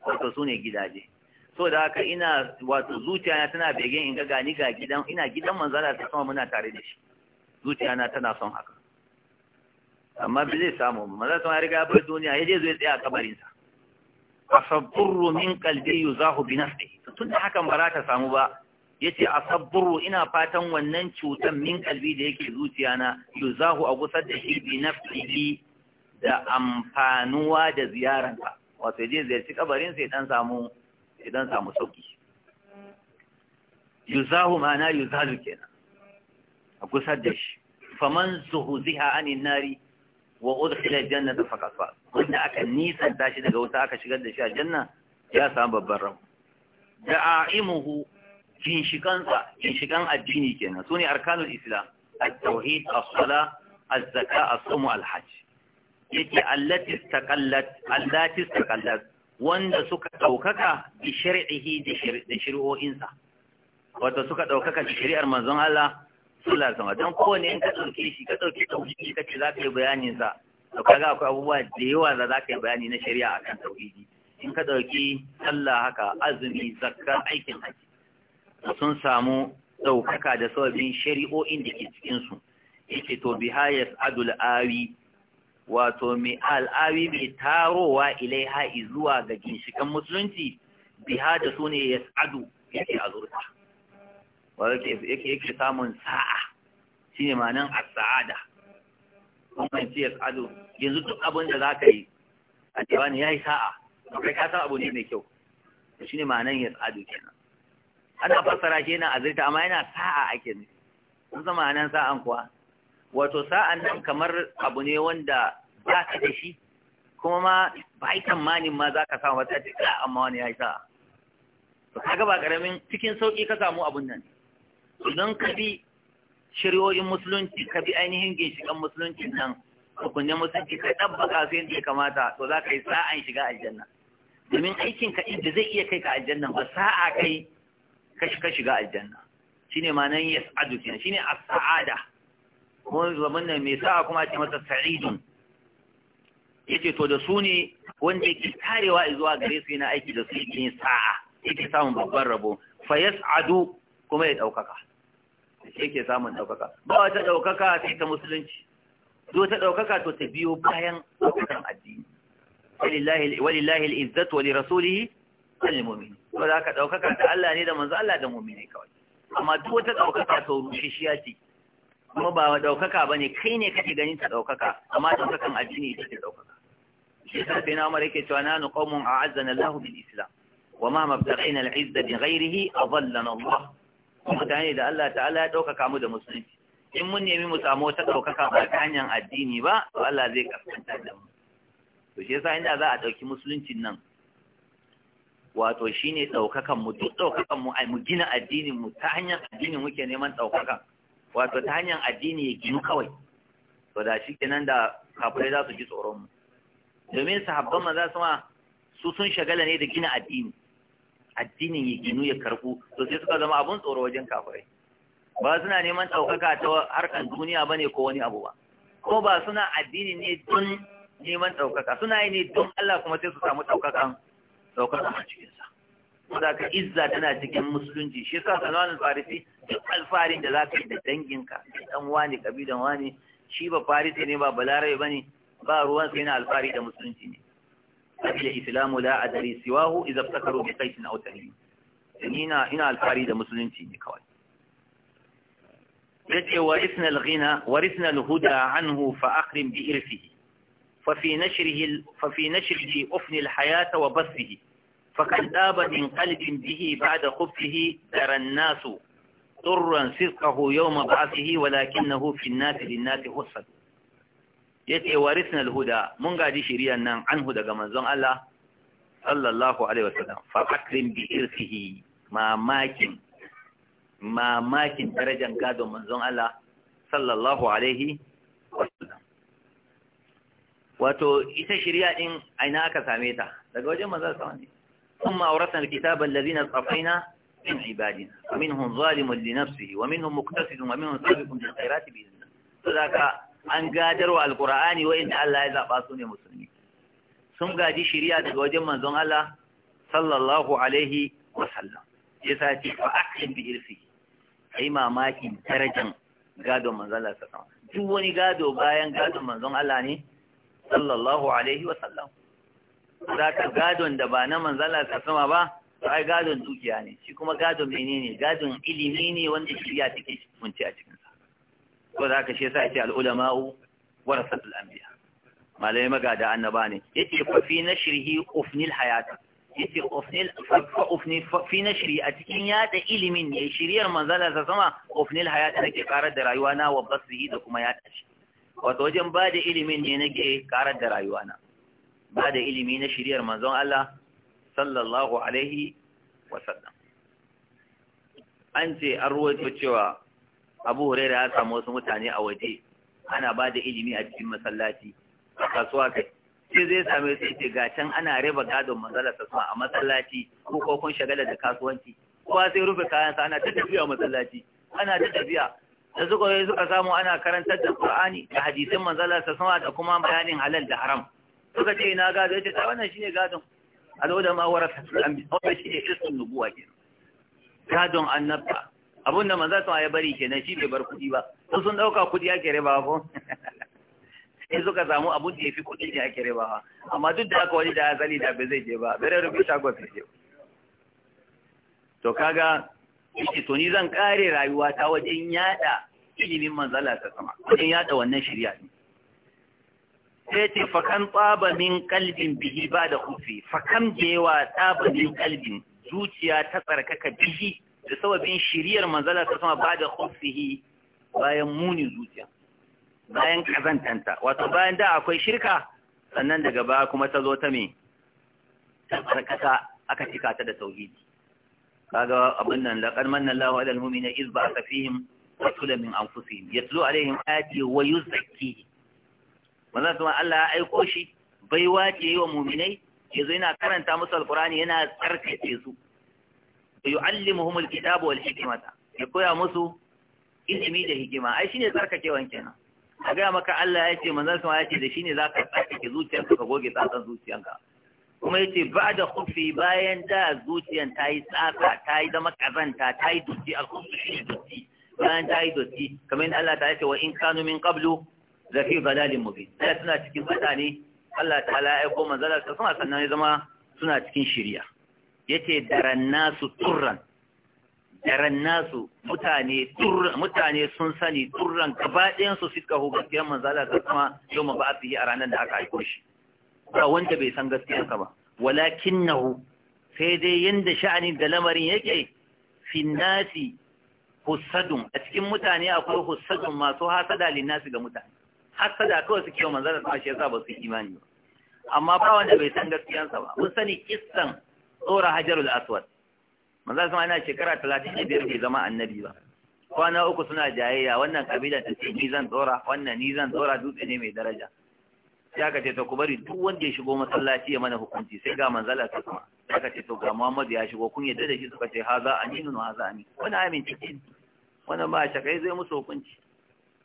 wato sune gidaje so da haka ina wato zuciyana tana begen in ga gani ga gidan ina gidan manzala ta sama muna tare da shi zuciyana tana son haka amma bi zai samu manzala sama ya riga ya duniya ya je zai tsaya a kabarinsa asabburu min qalbi yuzahu bi nafsihi tun da hakan ba za ta samu ba Ya ce a sabburu ina fatan wannan cutan min kalbi da yake zuciya na yuzahu a gusar da shi bi fili da amfanuwa da ziyaranka wato je ziyarci kabarin sai dan samu sai dan samu sauki yuzahu ma'ana yuzalu kenan a gusar da shi faman ziha an nari wa udkhila janna da fa wanda aka nisan tashi daga wuta aka shigar da shi a janna, ya samu babban rabu da'imuhu ginshikansa ginshikan addini kenan su ne arkanul islam at-tauhid as-sala az-zaka as-sum al-hajj yake allati istaqallat allati istaqallat wanda suka daukaka bi shar'ihi da shari'o'insa wato suka daukaka da shari'ar manzon Allah sallallahu alaihi wasallam ko ne in ka dauke shi ka dauke tauhidi ka ce za yi bayanin sa to kaga akwai abubuwa da yawa da za ka yi bayani na shari'a akan tauhidi in ka dauki sallah haka azumi zakka aikin haji sun samu ɗaukaka da sababin shari'o'in da ke cikinsu yake to bi hayas adul awi wato mai al'awi mai tarowa ilai ha'i zuwa ga ginshikan musulunci biha da su ne ya adu yake azurta wadda yake yake samun sa'a shi ne nan a sa'ada kuma ya adu yanzu duk abin da za ka yi a cewa ne ya yi sa'a kai ka abu ne mai kyau shi ne nan ya adu kenan ana fassara shi yana azirta amma yana sa'a ake nufi Kuma zama nan sa'an kuwa wato sa'an nan kamar abu ne wanda za ka da shi kuma ma ba yi tamanin ma za ka samu wata jika amma wani ya yi sa'a to ka ba karamin cikin sauƙi ka samu abun nan idan ka bi shiryoyin musulunci ka bi ainihin ginshiƙan musulunci nan hukunin musulunci ka ɗabbaka su yadda ya kamata to za ka yi sa'an shiga aljanna domin aikin ka inda zai iya kai ka aljanna ba sa'a kai ka shiga aljanna shine ma'anar yas'adu kenan shine as-sa'ada kuma zaman nan me sa'a kuma ake masa sa'idun yace to da su ne wanda yake tarewa zuwa gare su yana aiki da su yake sa'a yake samun babban rabo fa yas'adu kuma ya daukaka yake samun daukaka ba wata daukaka sai ta musulunci do ta daukaka to ta biyo bayan daukakan addini walillahi walillahi al-izzatu wa li rasulihi ne mumini ko da aka ɗaukaka ta Allah ne da manzo Allah da mumini kawai amma duk wata ɗaukaka rushe shi yace kuma ba wa ɗaukaka ba ne kai ne kake ganin ta ɗaukaka amma ɗaukakan addini ita ce ɗaukaka shi ta fi na umar yake cewa na nu qaumun a'azzana Allahu bil Islam wa ma mabtaqina al-izza bi valla adallana Allah mutane da Allah ta'ala ya ɗaukaka mu da musulunci in mun nemi mu samu wata ɗaukaka ba ta hanyar addini ba to Allah zai kaskanta da mu to shi yasa inda za a ɗauki musuluncin nan wato shine ne mu duk ɗaukakanmu mu mu gina addininmu ta hanyar addinin muke neman ɗaukaka wato ta hanyar addini ya ginu kawai to da shi kenan da kafirai za su ji tsoron mu domin sahabban maza su ma su sun shagala ne da gina addini addinin ya ginu ya karbu to sai suka zama abun tsoro wajen kafirai ba suna neman ɗaukaka ta harkar duniya ba ne ko wani abu ba ko ba suna addini ne don neman ɗaukaka suna yi ne don Allah kuma sai su samu ɗaukakan ɗaukaka a cikinsa wanda ka izza tana cikin musulunci shi yasa salmanin farisi duk alfarin da za ka yi da danginka da ɗan wani ƙabilan wani shi ba farisi ne ba balarabe ba ne ba ruwan sai na alfari da musulunci ne ajiye islamu la adari siwahu idza takaru bi qaisin aw tahim ina ina alfari da musulunci ne kawai yace warisna al-ghina warisna al-huda anhu fa akrim bi irfihi ففي نشره ففي نشره أفن الحياة وبثه فقد داب من قلب به بعد خبثه ترى الناس طرا صدقه يوم بعثه ولكنه في الناس للناس حسد yace warisna alhuda mun gaji shiriyan nan an huda ga manzon Allah sallallahu alaihi wasallam fa akrim bi irsihi mamakin mamakin darajar gadon manzon Allah sallallahu alaihi wato ita shirya din aina aka same ta daga wajen manzon sama ne kuma auratan alkitaba allazina tsafaina min ibadina minhum zalimun li nafsihi wa minhum muqtasidun wa minhum sabiqun bil khairati bi idhnillah sadaka an gadarwa alqur'ani wa inda Allah ya zaɓa su ne musulmi sun gaji shirya daga wajen manzon Allah sallallahu alaihi wa sallam yasa ce fa aqim bi irfi kai mamakin darajan gado manzon Allah sallallahu alaihi wa sallam duk wani gado bayan gado manzon Allah ne sallallahu alaihi wasallam za ka gadon da ba na manzala ta sama ba ai gadon dukiya ne shi kuma gadon menene gadon ilimi ne wanda shirya take munci a cikin sa ko za ka shi yasa yace al-ulama'u warasatul anbiya malai magada annaba ne yace fa fi nashrihi ufnil hayata yace ufnil fa ufni fi nashri a cikin yada ilimin ne shiryar manzala ta sama ufnil hayata nake karar da rayuwa na wa basrihi da kuma yada shi wato wajen ba da ilimin ne nake karar da rayuwana ba da ilimi na shiriyar manzon Allah sallallahu alaihi wasallam an ce an ruwaito cewa abu huraira ya samu wasu mutane a waje ana ba da ilimi a cikin masallaci a kasuwa kai sai zai same su ce ga can ana raba gadon matsalar sa a masallaci ko kokon shagala da kasuwanci Kuma sai rufe kayan sa ana ta tafiya masallaci ana ta tafiya da suka yi suka samu ana karantar da Qur'ani da hadisin manzala sa sama da kuma bayanin halal da haram suka ce ina gado yace ta wannan shine gadon al'uda ma warasatul anbiya wannan shine kisan nubuwa ke gadon annabta abun da manzala ta ya bari kenan shi bai bar kudi ba sun sun dauka kudi ake riba ko sai suka samu abun da yafi kudi ne ake riba amma duk da aka wani da azali da bai zai je ba bare rubuta gwafi to kaga yake to ni zan kare rayuwata wajen yada ilimin manzala ta sama wajen yada wannan shari'a ne sai ce fakan tsaba min kalbin bihi ba da kufi fakan bewa tsaba min kalbin zuciya ta tsarkaka bihi da sababin shiriyar manzala ta sama ba da kufi bayan muni zuciya bayan kazantanta wato bayan da akwai shirka sannan daga baya kuma ta zo ta me ta tsarkaka aka cika ta da tauhidi kaga abin nan laqad manna Allahu 'alal mu'minina iz ba'atha fihim rasulan min anfusihim yatlu 'alaihim ayati wa yuzakkihim manzo kuma Allah ya aiko shi baiwa ce yi wa mu'minai yazo yana karanta musu alqur'ani yana tsarkake su yu'allimuhum alkitaba wal hikmata ya koya musu ilimi da hikima ai shine tsarkakewan kenan a gaya maka Allah ya ce manzo kuma ya ce da shine zaka tsarkake zuciyarka ka goge tsatsan zuciyarka kuma yace da kufi bayan da zuciyan ta yi tsaka ta yi zama kazanta ta yi dotti al-khufi shi dotti bayan ta yi dotti kamar Allah ta yace wa in kanu min qablu la fi dhalalin mubin sai suna cikin mutane ne Allah ta'ala ya ko manzalar ta suna sannan ya zama suna cikin shirya. yace daran nasu turran daren nasu mutane mutane sun sani turran gaba ɗayan su suka hu gaskiyar manzala ta kuma yau ma ba a yi a ranar da aka aiko shi ba wanda bai san gaskiyarka ba walakinnahu sai dai yanda sha'ani da lamarin yake fi hussadun a cikin mutane akwai hussadun masu hasada linnasi ga mutane hasada kawai suke wa manzara sa shi yasa ba su imani ba amma ba wanda bai san gaskiyansa ba mun sani kissan tsora hajarul aswad manzara sa ana shekara talatin da biyar bai zama annabi ba kwana uku suna jayayya wannan kabila ta ce ni zan tsora wannan ni zan tsora dutse ne mai daraja Ya ka ce to ku bari duk wanda ya shigo masallaci ya mana hukunci sai ga manzala ta kuma Ya ka ce to ga Muhammad ya shigo kun yadda da shi suka ce haza aminun haza amin wani amin cikin wannan ba shakai zai musu hukunci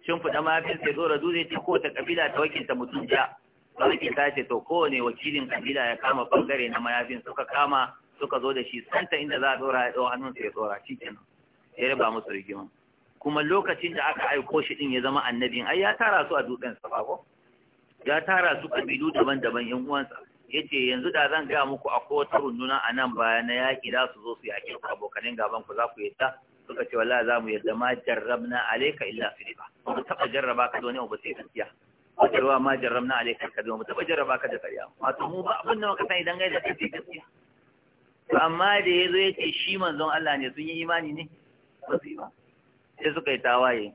shin fada mafi sai dora dutse ce ko ta kabila ta ta mutum ja sarki ta ce to kowane wakilin kabila ya kama bangare na mayafin suka kama suka zo da shi santa inda za a dora ya dau hannun sai ya dora Cikin ya raba musu rigima kuma lokacin da aka aiko shi din ya zama annabin ai ya tara su a dutsen safa ko ya tara su kabilu daban-daban yan uwansa yace yanzu da zan ga muku a kowace runduna a nan baya na yaƙi za su zo su yaƙi ku abokanin gaban ku za ku yadda suka ce wallahi za mu yadda ma jarrabna alayka illa filiba ba mu taɓa jarraba ka da wani abu sai gaskiya wata ruwa ma jarrabna alayka ka da mu taɓa jarraba ka da ƙarya wato mu ba abin da muka sani dangane da kai gaskiya to amma da yazo yace shi manzon Allah ne sun yi imani ne ba su yi ba sai suka yi tawaye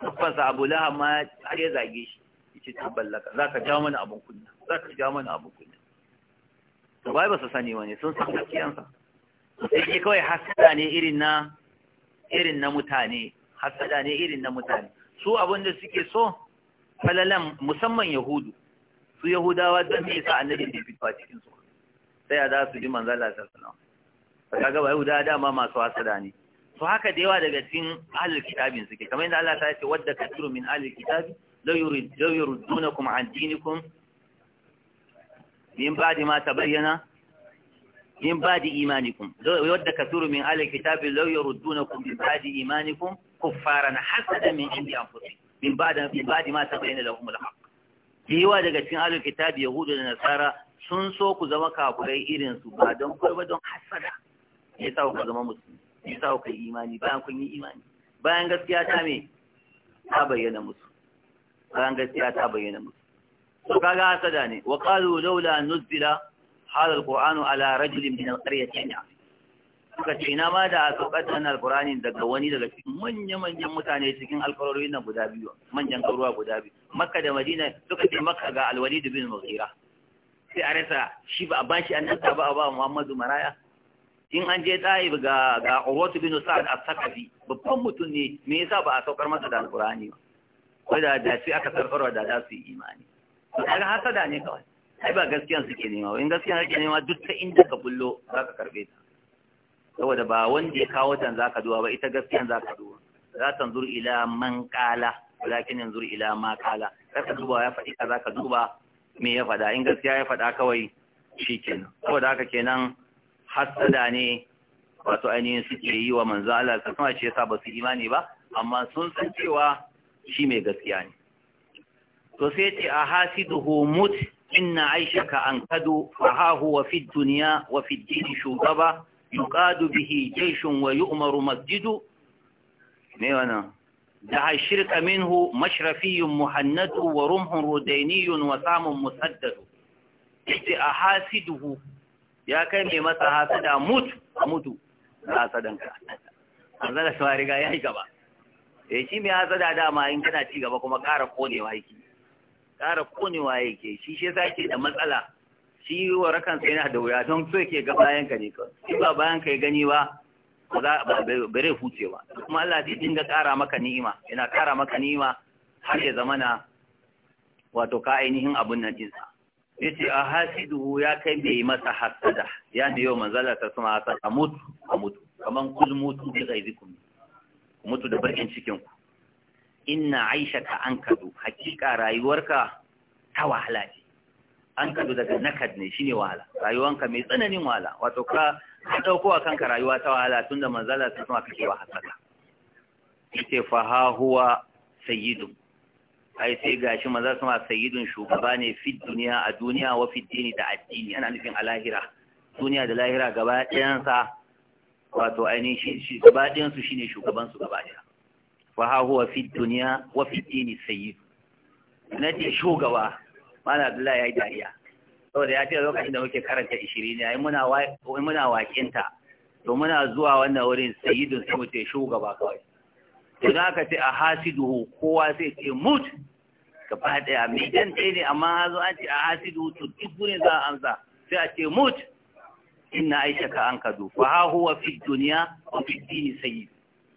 tabbasa Abu Lahab ma har ya zage shi ce ta ballaka za ka ja mana abin kunya za ka ja mana abin kunya to bai ba su sani wani sun san gaskiyansa sai ke kawai hasada ne irin na irin na mutane hasada ne irin na mutane su abin da suke so falalan musamman yahudu su yahudawa don me yasa annabi bai fito a cikin su sai a za su ji manzo Allah sallallahu alaihi wasallam kaga ba yahudawa ma masu hasada ne to haka da yawa daga cikin ahlul kitabin suke kamar yadda Allah ta ce wadda kathiru min ahlul kitabi لو يردونكم عن دينكم من بعد ما تبين من بعد إيمانكم يود كثير من آل الكتاب لو يردونكم من بعد إيمانكم كفارا حسدا من عند أنفسكم من بعد من بعد ما تبين لهم الحق ديوا daga cikin ahlul kitab yahudu da nasara sun so ku zama kafirai irin su ba don kurba don hasada sa ku zama musulmi yasa ku imani bayan kun yi imani bayan gaskiya ta me ta bayyana musu ran gaskiya ta bayyana mu to kaga hasada ne wa qalu laula nuzila hadha alquranu ala rajulin min alqaryatayn suka ce ina ma da saukar da alqurani daga wani daga cikin manyan manyan mutane cikin alqurori na guda biyu manyan garuruwa guda biyu makka da madina suka ce makka ga alwalid bin mughira sai a rasa shi ba a bashi ta ba a ba muhammadu maraya in an je ɗayi ga ga uwatu bin sa'ad as-sakafi babban mutum ne me yasa ba a saukar masa da alqurani ba ko da da shi aka karɓar da za su yi imani kaga hasada ne kawai ai ba gaskiyan suke nema in gaskiyan suke nema duk ta inda ka bullo za ka karɓe ta saboda ba wanda ya kawo can za ka duba ba ita gaskiyan za ka duba za ta zuru ila man kala walakin yanzu ila ma kala za ka duba ya faɗi ka za ka duba me ya faɗa in gaskiya ya faɗa kawai shi kenan saboda haka kenan hasada ne wato ainihin suke yi wa manzo Allah sai kuma ce yasa ba su imani ba amma sun san cewa shi mai gaskiya ne to sai ce a hasiduhu mut inna aishaka an a fahahu wa fi duniya wa fi dini shugaba yuqadu bihi jaishun wa yu'maru masjidu me wannan دعا الشرك منه مشرفي محنت ورمح رديني وسام مسدد yace a hasiduhu ya kai mai masa hasada mut a mutu na hasadanka an zara shawari ga yayi gaba eh shi mai da dama in kana ci gaba kuma ƙara konewa yake ƙara konewa yake shi shi yasa yake da matsala shi warakan sai yana da wuya don so yake ga bayan ka ne ka shi ba bayan ka ya gani ba ba za ba rai huce ba kuma Allah zai dinga ƙara maka ni'ima yana ƙara maka ni'ima har ya zama na wato ka ainihin abun nan jinsa yace a hasidu ya kai bai masa hasada ya ne yau manzala ta suma hasada mutu a mutu kaman kullum mutu bi ghaizikum mutu da barkin cikin ku inna aishaka an kado hakika rayuwarka ta wahala ce an kado daga nakad ne shine wahala rayuwanka mai tsananin wahala wato ka ka dauko a kanka rayuwa ta wahala tunda manzala sun kuma kake wa hasaka yace fa ha huwa sayyidun ai sai gashi maza su ma sayyidun shugaba ne fi duniya a duniya wa fi dini da addini ana nufin a lahira duniya da lahira gaba ɗayansa wato ainihin shi gabaɗin su shine shugaban su gaba ɗaya fa ha huwa fi dunya wa fi dini sayyid na ce shugaba mana abdullahi ya yi dariya saboda ya ce lokacin da muke karanta ishirin ne muna muna wakinta to muna zuwa wannan wurin sayyidun sai mu ce shugaba kawai to za ka ce a hasiduhu kowa sai ce mut gaba ɗaya mai ɗan ɗaya ne amma zo an ce a hasiduhu to duk gurin za a amsa sai a ce mut inna ka an kadu fa ha huwa fi dunya wa fi dini sayyid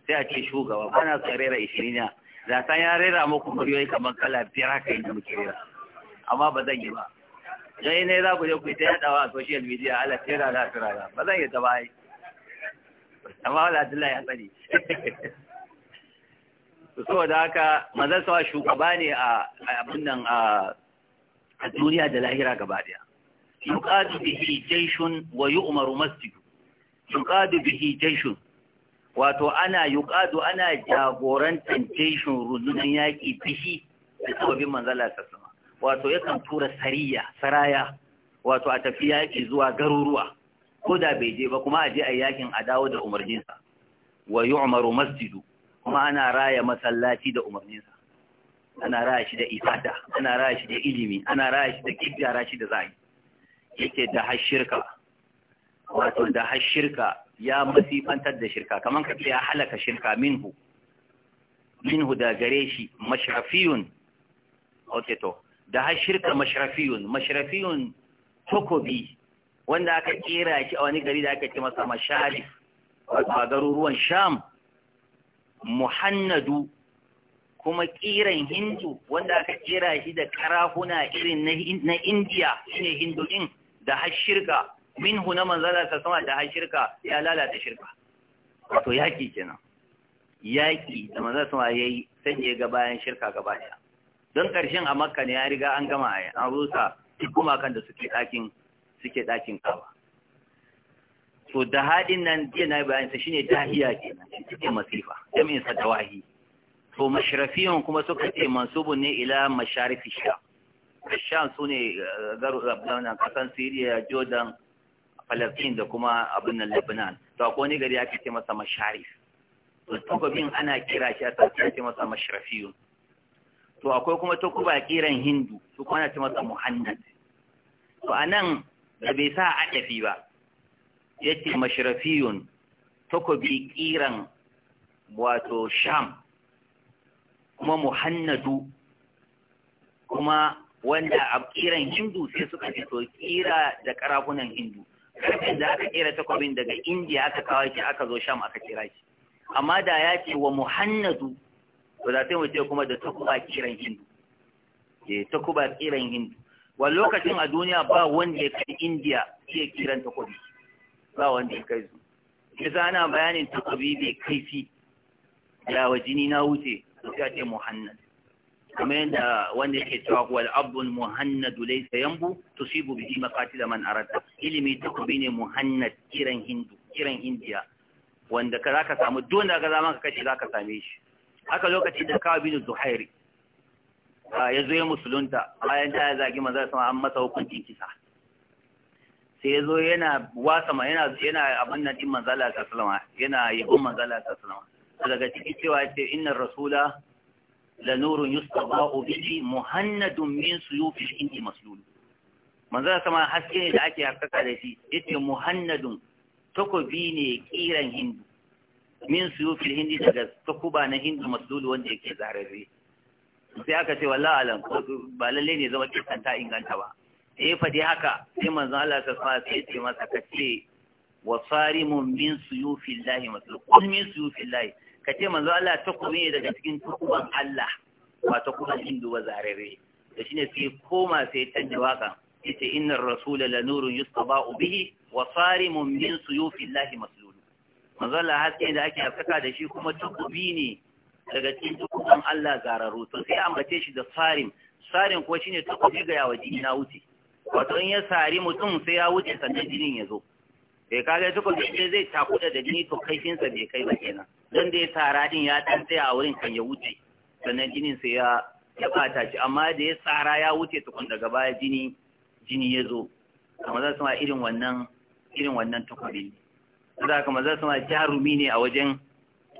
sai a ce shugaba bana so rera ishirina da san ya rera muku kuriyoyi kamar kala biyar haka da muke rera amma ba zan yi ba dai ne za ku je ku ta yadawa a social media ala tera da tera ba zan yi ta ba amma wala Abdullahi ya sani so da haka mazan sa shugaba ne a abin nan a duniya da lahira gaba daya yuqadu bihi jayshun wa yu'maru Masjidu. yuqadu bihi jayshun wato ana yuqadu ana jagorantar jayshun rundunar yaki bihi da sabbin manzala sassama. wato yakan tura sariya saraya wato a tafi yaki zuwa garuruwa ko da bai je ba kuma a je a yakin a dawo da umarninsa wa yu'maru masjidu kuma ana raya masallaci da umarninsa ana raya shi da ifada ana raya shi da ilimi ana raya shi da raya shi da zahiri. yake da har shirka wato da har shirka ya masifantar da shirka kamar ka ce ya halaka shirka minhu minhu da gare shi mashrafiyun Ok to da har shirka mashrafiyun mashrafiyun takobi wanda aka kera shi a wani gari da aka ce masa masharif wato a garuruwan sham muhannadu kuma kiran hindu wanda aka kera shi da karahuna irin na indiya shine hindu din da har shirka hu na manzala ta sama da har shirka ya lalata shirka wato yaki kenan yaki da manzala sama ya sai ya ga bayan shirka gaba ɗaya don karshen a makka ne ya riga an gama an rusa duk kan da suke ɗakin suke ɗakin kawa so da haɗin nan jiya na bayan sa shine dahiya kenan cikin masifa jami'in sa dawahi to mashrafiyun kuma suka ce mansubun ne ila masharifi shi'a sham su ne eh, garuruwan kasan siriya jordan palestine da kuma abin nan lebanon to akwai wani gari ake ce masa masharif to takobin ana kira shi a sarki ake masa mashrafiyun to akwai kuma a kiran hindu su kuma ana ce masa muhannad to a nan da bai sa a adafi ba ya ce mashrafiyun takobi kiran wato sham kuma muhannadu kuma wanda a kiran hindu sai suka ce to kira da karafunan hindu karfin da aka kera takwabin daga indiya aka kawo shi aka zo sham aka kira shi amma da ya ce wa muhannadu to za ta yi kuma da takuba kiran hindu eh takuba kiran hindu wa lokacin a duniya ba wanda ya kai indiya ke kiran takobi ba wanda ya kai su yasa ana bayanin takobi bai kaifi ya wa jini na wuce sai a ce muhannad kamar yadda wanda yake cewa wal abdul muhannadu laysa yambu tusibu bihi maqatil man aradta ilimi takubi ne muhannad kiran hindu kiran indiya wanda ka zaka samu don daga zaman ka kace zaka same shi haka lokacin da kawo bin zuhairi ya zo ya musulunta bayan ta zagi manzo sama an masa hukuncin kisa sai ya zo yana wasama yana yana abin nan din manzo Allah sallallahu alaihi wasallam yana yabo manzo Allah sallallahu alaihi wasallam daga cikin cewa ce innar rasula لنور يستضاء به مهند من سيوف الهند مسلول manzo sama haske ne da ake harkaka da shi yace muhannadun takobi ne kiran hindu min suyufil hindi daga takuba na hindu maslulu wanda yake zararre sai aka ce wallahi alam ba lalle ne zama kisan inganta ba eh fadi haka sai manzo Allah ta sa sai ce masa kace wa sarimun min suyufil lahi maslul kun min suyufil lahi ka ce manzo Allah takobi ne daga cikin tukuban Allah ba kuma hindu ba zarare da shine sai koma sai canja waka yace innar rasula la nurun yustaba'u bihi wa sarimun min suyufi llahi maslul manzo Allah haske da ake haskaka da shi kuma takobi ne daga cikin tukuban Allah zararu to sai ambace shi da sarim sarin kuwa shine takobi ga yawa jini na wuce wato in ya sari mutum sai ya wuce sannan jinin ya zo bai eh, kaga tukul da zai takuda da jini to kaifinsa bai kai ba kenan don da ya tsara din ya dan tsaya a wurin kan ya wuce sannan jinin sai ya ya bata shi amma da ya tsara ya wuce tukun daga baya jini jini ya zo kamar za su ma irin wannan irin wannan tukubi saboda kamar za su ma jarumi ne a wajen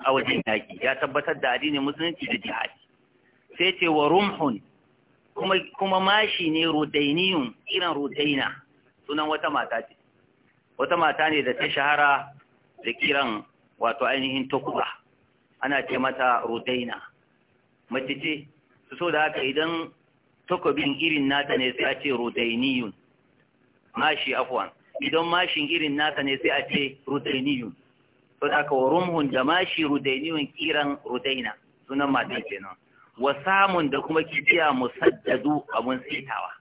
a wajen yaki ya tabbatar da addinin musulunci da jihadi sai ce wa rumhun kuma kuma mashi ne rudainiyun irin rudaina sunan wata mata ce wata mata ne da ta shahara da kiran wato ainihin tokuba ana ce mata rudaina mace ce su so da haka idan takobin irin nata ne sai a ce rudainiyun mashi afwan idan mashin irin nata ne sai a ce rudainiyun to da aka rumhun da mashi rudainiyun kiran rudaina sunan matan kenan wa samun da kuma kibiya musaddadu abun sitawa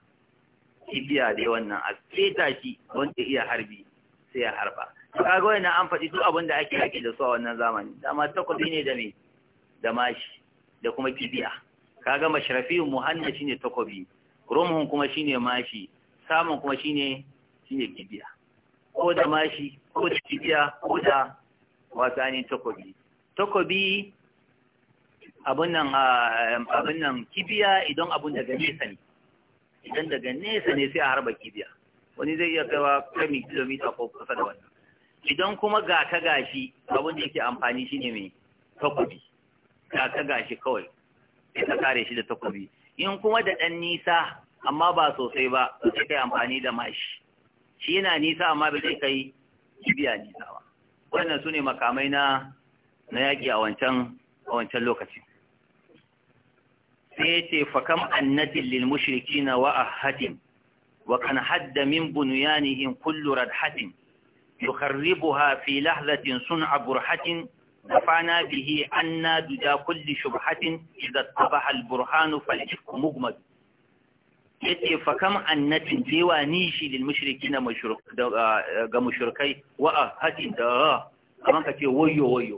kibiya dai wannan a seta wanda iya harbi sai ya harba kaga wannan an faɗi duk abin da ake yaki da su a wannan zamani dama takwabi ne da me da mashi da kuma kibiya kaga mashrafiyun muhanna shine takwabi rumhun kuma shine mashi samun kuma shine shine kibiya ko da mashi ko da kibiya ko da wasa ne takwabi abun nan abin nan kibiya idan abun daga nesa ne idan daga nesa ne sai a harba kibiya wani zai iya kaiwa kami kilomita ko kusa da wannan idan kuma ga ta gashi abin da yake amfani shi ne mai takobi ga ta gashi kawai sai ta kare shi da takobi in kuma da ɗan nisa amma ba sosai ba sai kai amfani da mashi shi yana nisa amma ba zai kai kibiya nisa ba wannan su ne makamai na na yaƙi a wancan a wancan lokacin sai ya ce fakam annatin lil mushrikina wa ahadin وكان حد من بنيانهم كل ردحة يخربها في لحظة صنع برحة دفعنا به عنا دجا كل شبحة إذا اتضح البرهان فالإفك مغمد yace fakam annatin cewa nishi lil mushrikin ga mushrikai wa hatin da kaman kace wayo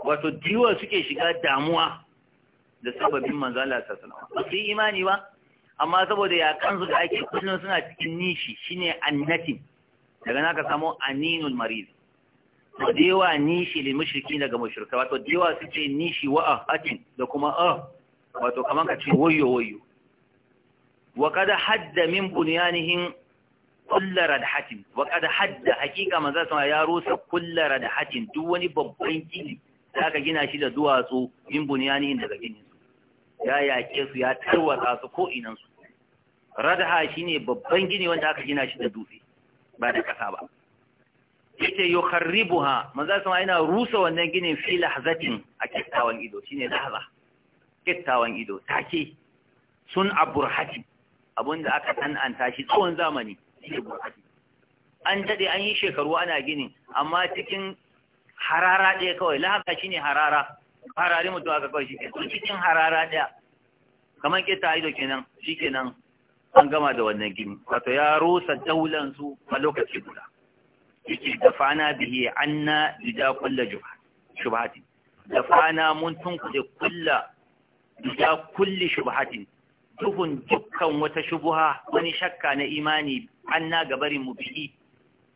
wato diwa suke shiga damuwa da imani ba amma saboda ya kansu da ake kullum suna cikin nishi shine annatin daga naka samu aninul marid to dewa nishi lil mushriki daga mushrika wato dewa suke nishi wa ahatin da kuma ah wato kaman ka ce wayyo wayyo wa kada hadda min bunyanihim kullu radhatin wa kada hadda hakika manzo sama ya rusa kullu radhatin duk wani babban gini da aka gina shi da duwatsu min bunyanihim daga ginin ya yake su ya tarwatsa su ko inansu shi shine babban gini wanda aka gina shi da dutse ba da kasa ba ha, yukharribuha manzo sama yana rusa wannan ginin fi lahzatin a kittawan ido shine lahza kittawan ido take sun aburhati abinda aka tan'anta shi tsohon zamani shine burhati an dade an yi shekaru ana ginin amma cikin harara ɗaya kawai shi shine harara harare mutum aka kawai shi cikin harara ɗaya kamar kitta ido kenan shikenan an gama da wannan gini wato ya rusa daulan su a lokaci guda yake dafana bihi anna jida kulla shubhati dafana mun tunkuɗe kulla jida kulli shubhatin duhun dukkan wata shubuha wani shakka na imani anna gabarin mu bihi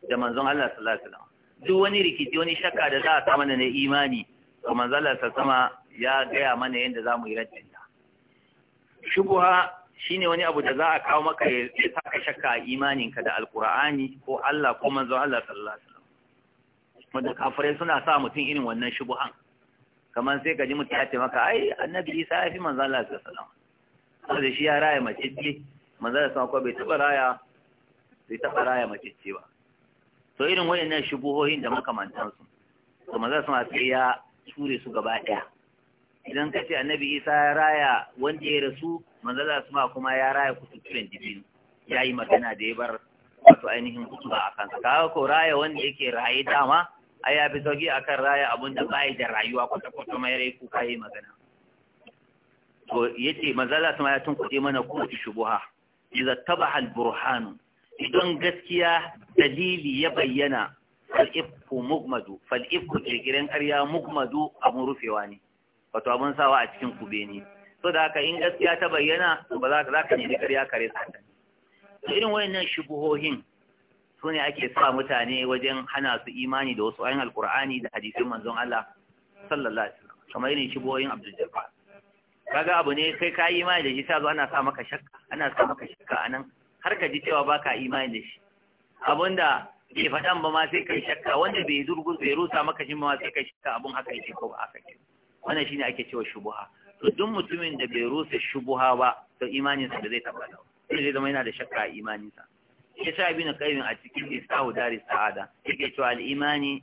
da manzon Allah sallallahu alaihi wasallam duk wani rikici wani shakka da za a sa mana na imani to manzon Allah sallallahu alaihi wasallam ya gaya mana yadda za mu yi rajin shubuha Shi ne wani abu da za a kawo maka ya ka shakka a imaninka da alkur'ani ko Allah ko manzon Allah sallallahu alaihi wasallam wanda kafirai suna sa mutum irin wannan shubuhan kamar sai ka ji mutum ya ce maka ai annabi Isa ya fi manzon Allah sallallahu alaihi wasallam saboda shi ya raya mace ce manzon Allah sallallahu alaihi wasallam bai taba raya bai taba raya mace ce ba to irin wayannan shubuhohin da muka mantan su, to manzon Allah sai ya ture su gaba daya idan ka ce annabi Isa ya raya wanda ya rasu manzala suma kuma ya raya kuturen dibino ya yi magana da ya bar wato ainihin kutuba a kansa kawo ko raya wanda yake raye dama a ya fi sauki a kan raya abin da bayi da rayuwa kwata-kwata mai rai kuka yi magana to ya ce manzala suma ya kuɗe mana kowace shubuha iza taba burhanu idan gaskiya dalili ya bayyana fal'ifku mugmadu fal'ifku kirkirin ƙarya mugmadu abin rufewa ne wato abin sawa a cikin kube ne so da haka in gaskiya ta bayyana ba za ka nemi ƙarya kare sata irin wayannan shubuhohin su ne ake sa mutane wajen hana su imani da wasu ayin alkur'ani da hadisin manzon Allah sallallahu alaihi wasallam kamar irin shubuhohin Abdul Jabbar kaga abu ne kai ka imani da shi ta zo ana sa maka shakka ana sa maka shakka anan har ka ji cewa baka imani da shi abinda ke faɗan ba ma sai kai shakka wanda bai zurgu bai rusa maka shi ma sai kai shakka abun haka yake ko ba haka yake wannan shine ake cewa shubuha to duk mutumin da bai rusa shubuha ba to imaninsa da zai tabbata ba zai zama yana da shakka a imaninsa ya sa ibn kaimin a cikin isahu dari sa'ada yake cewa al-imani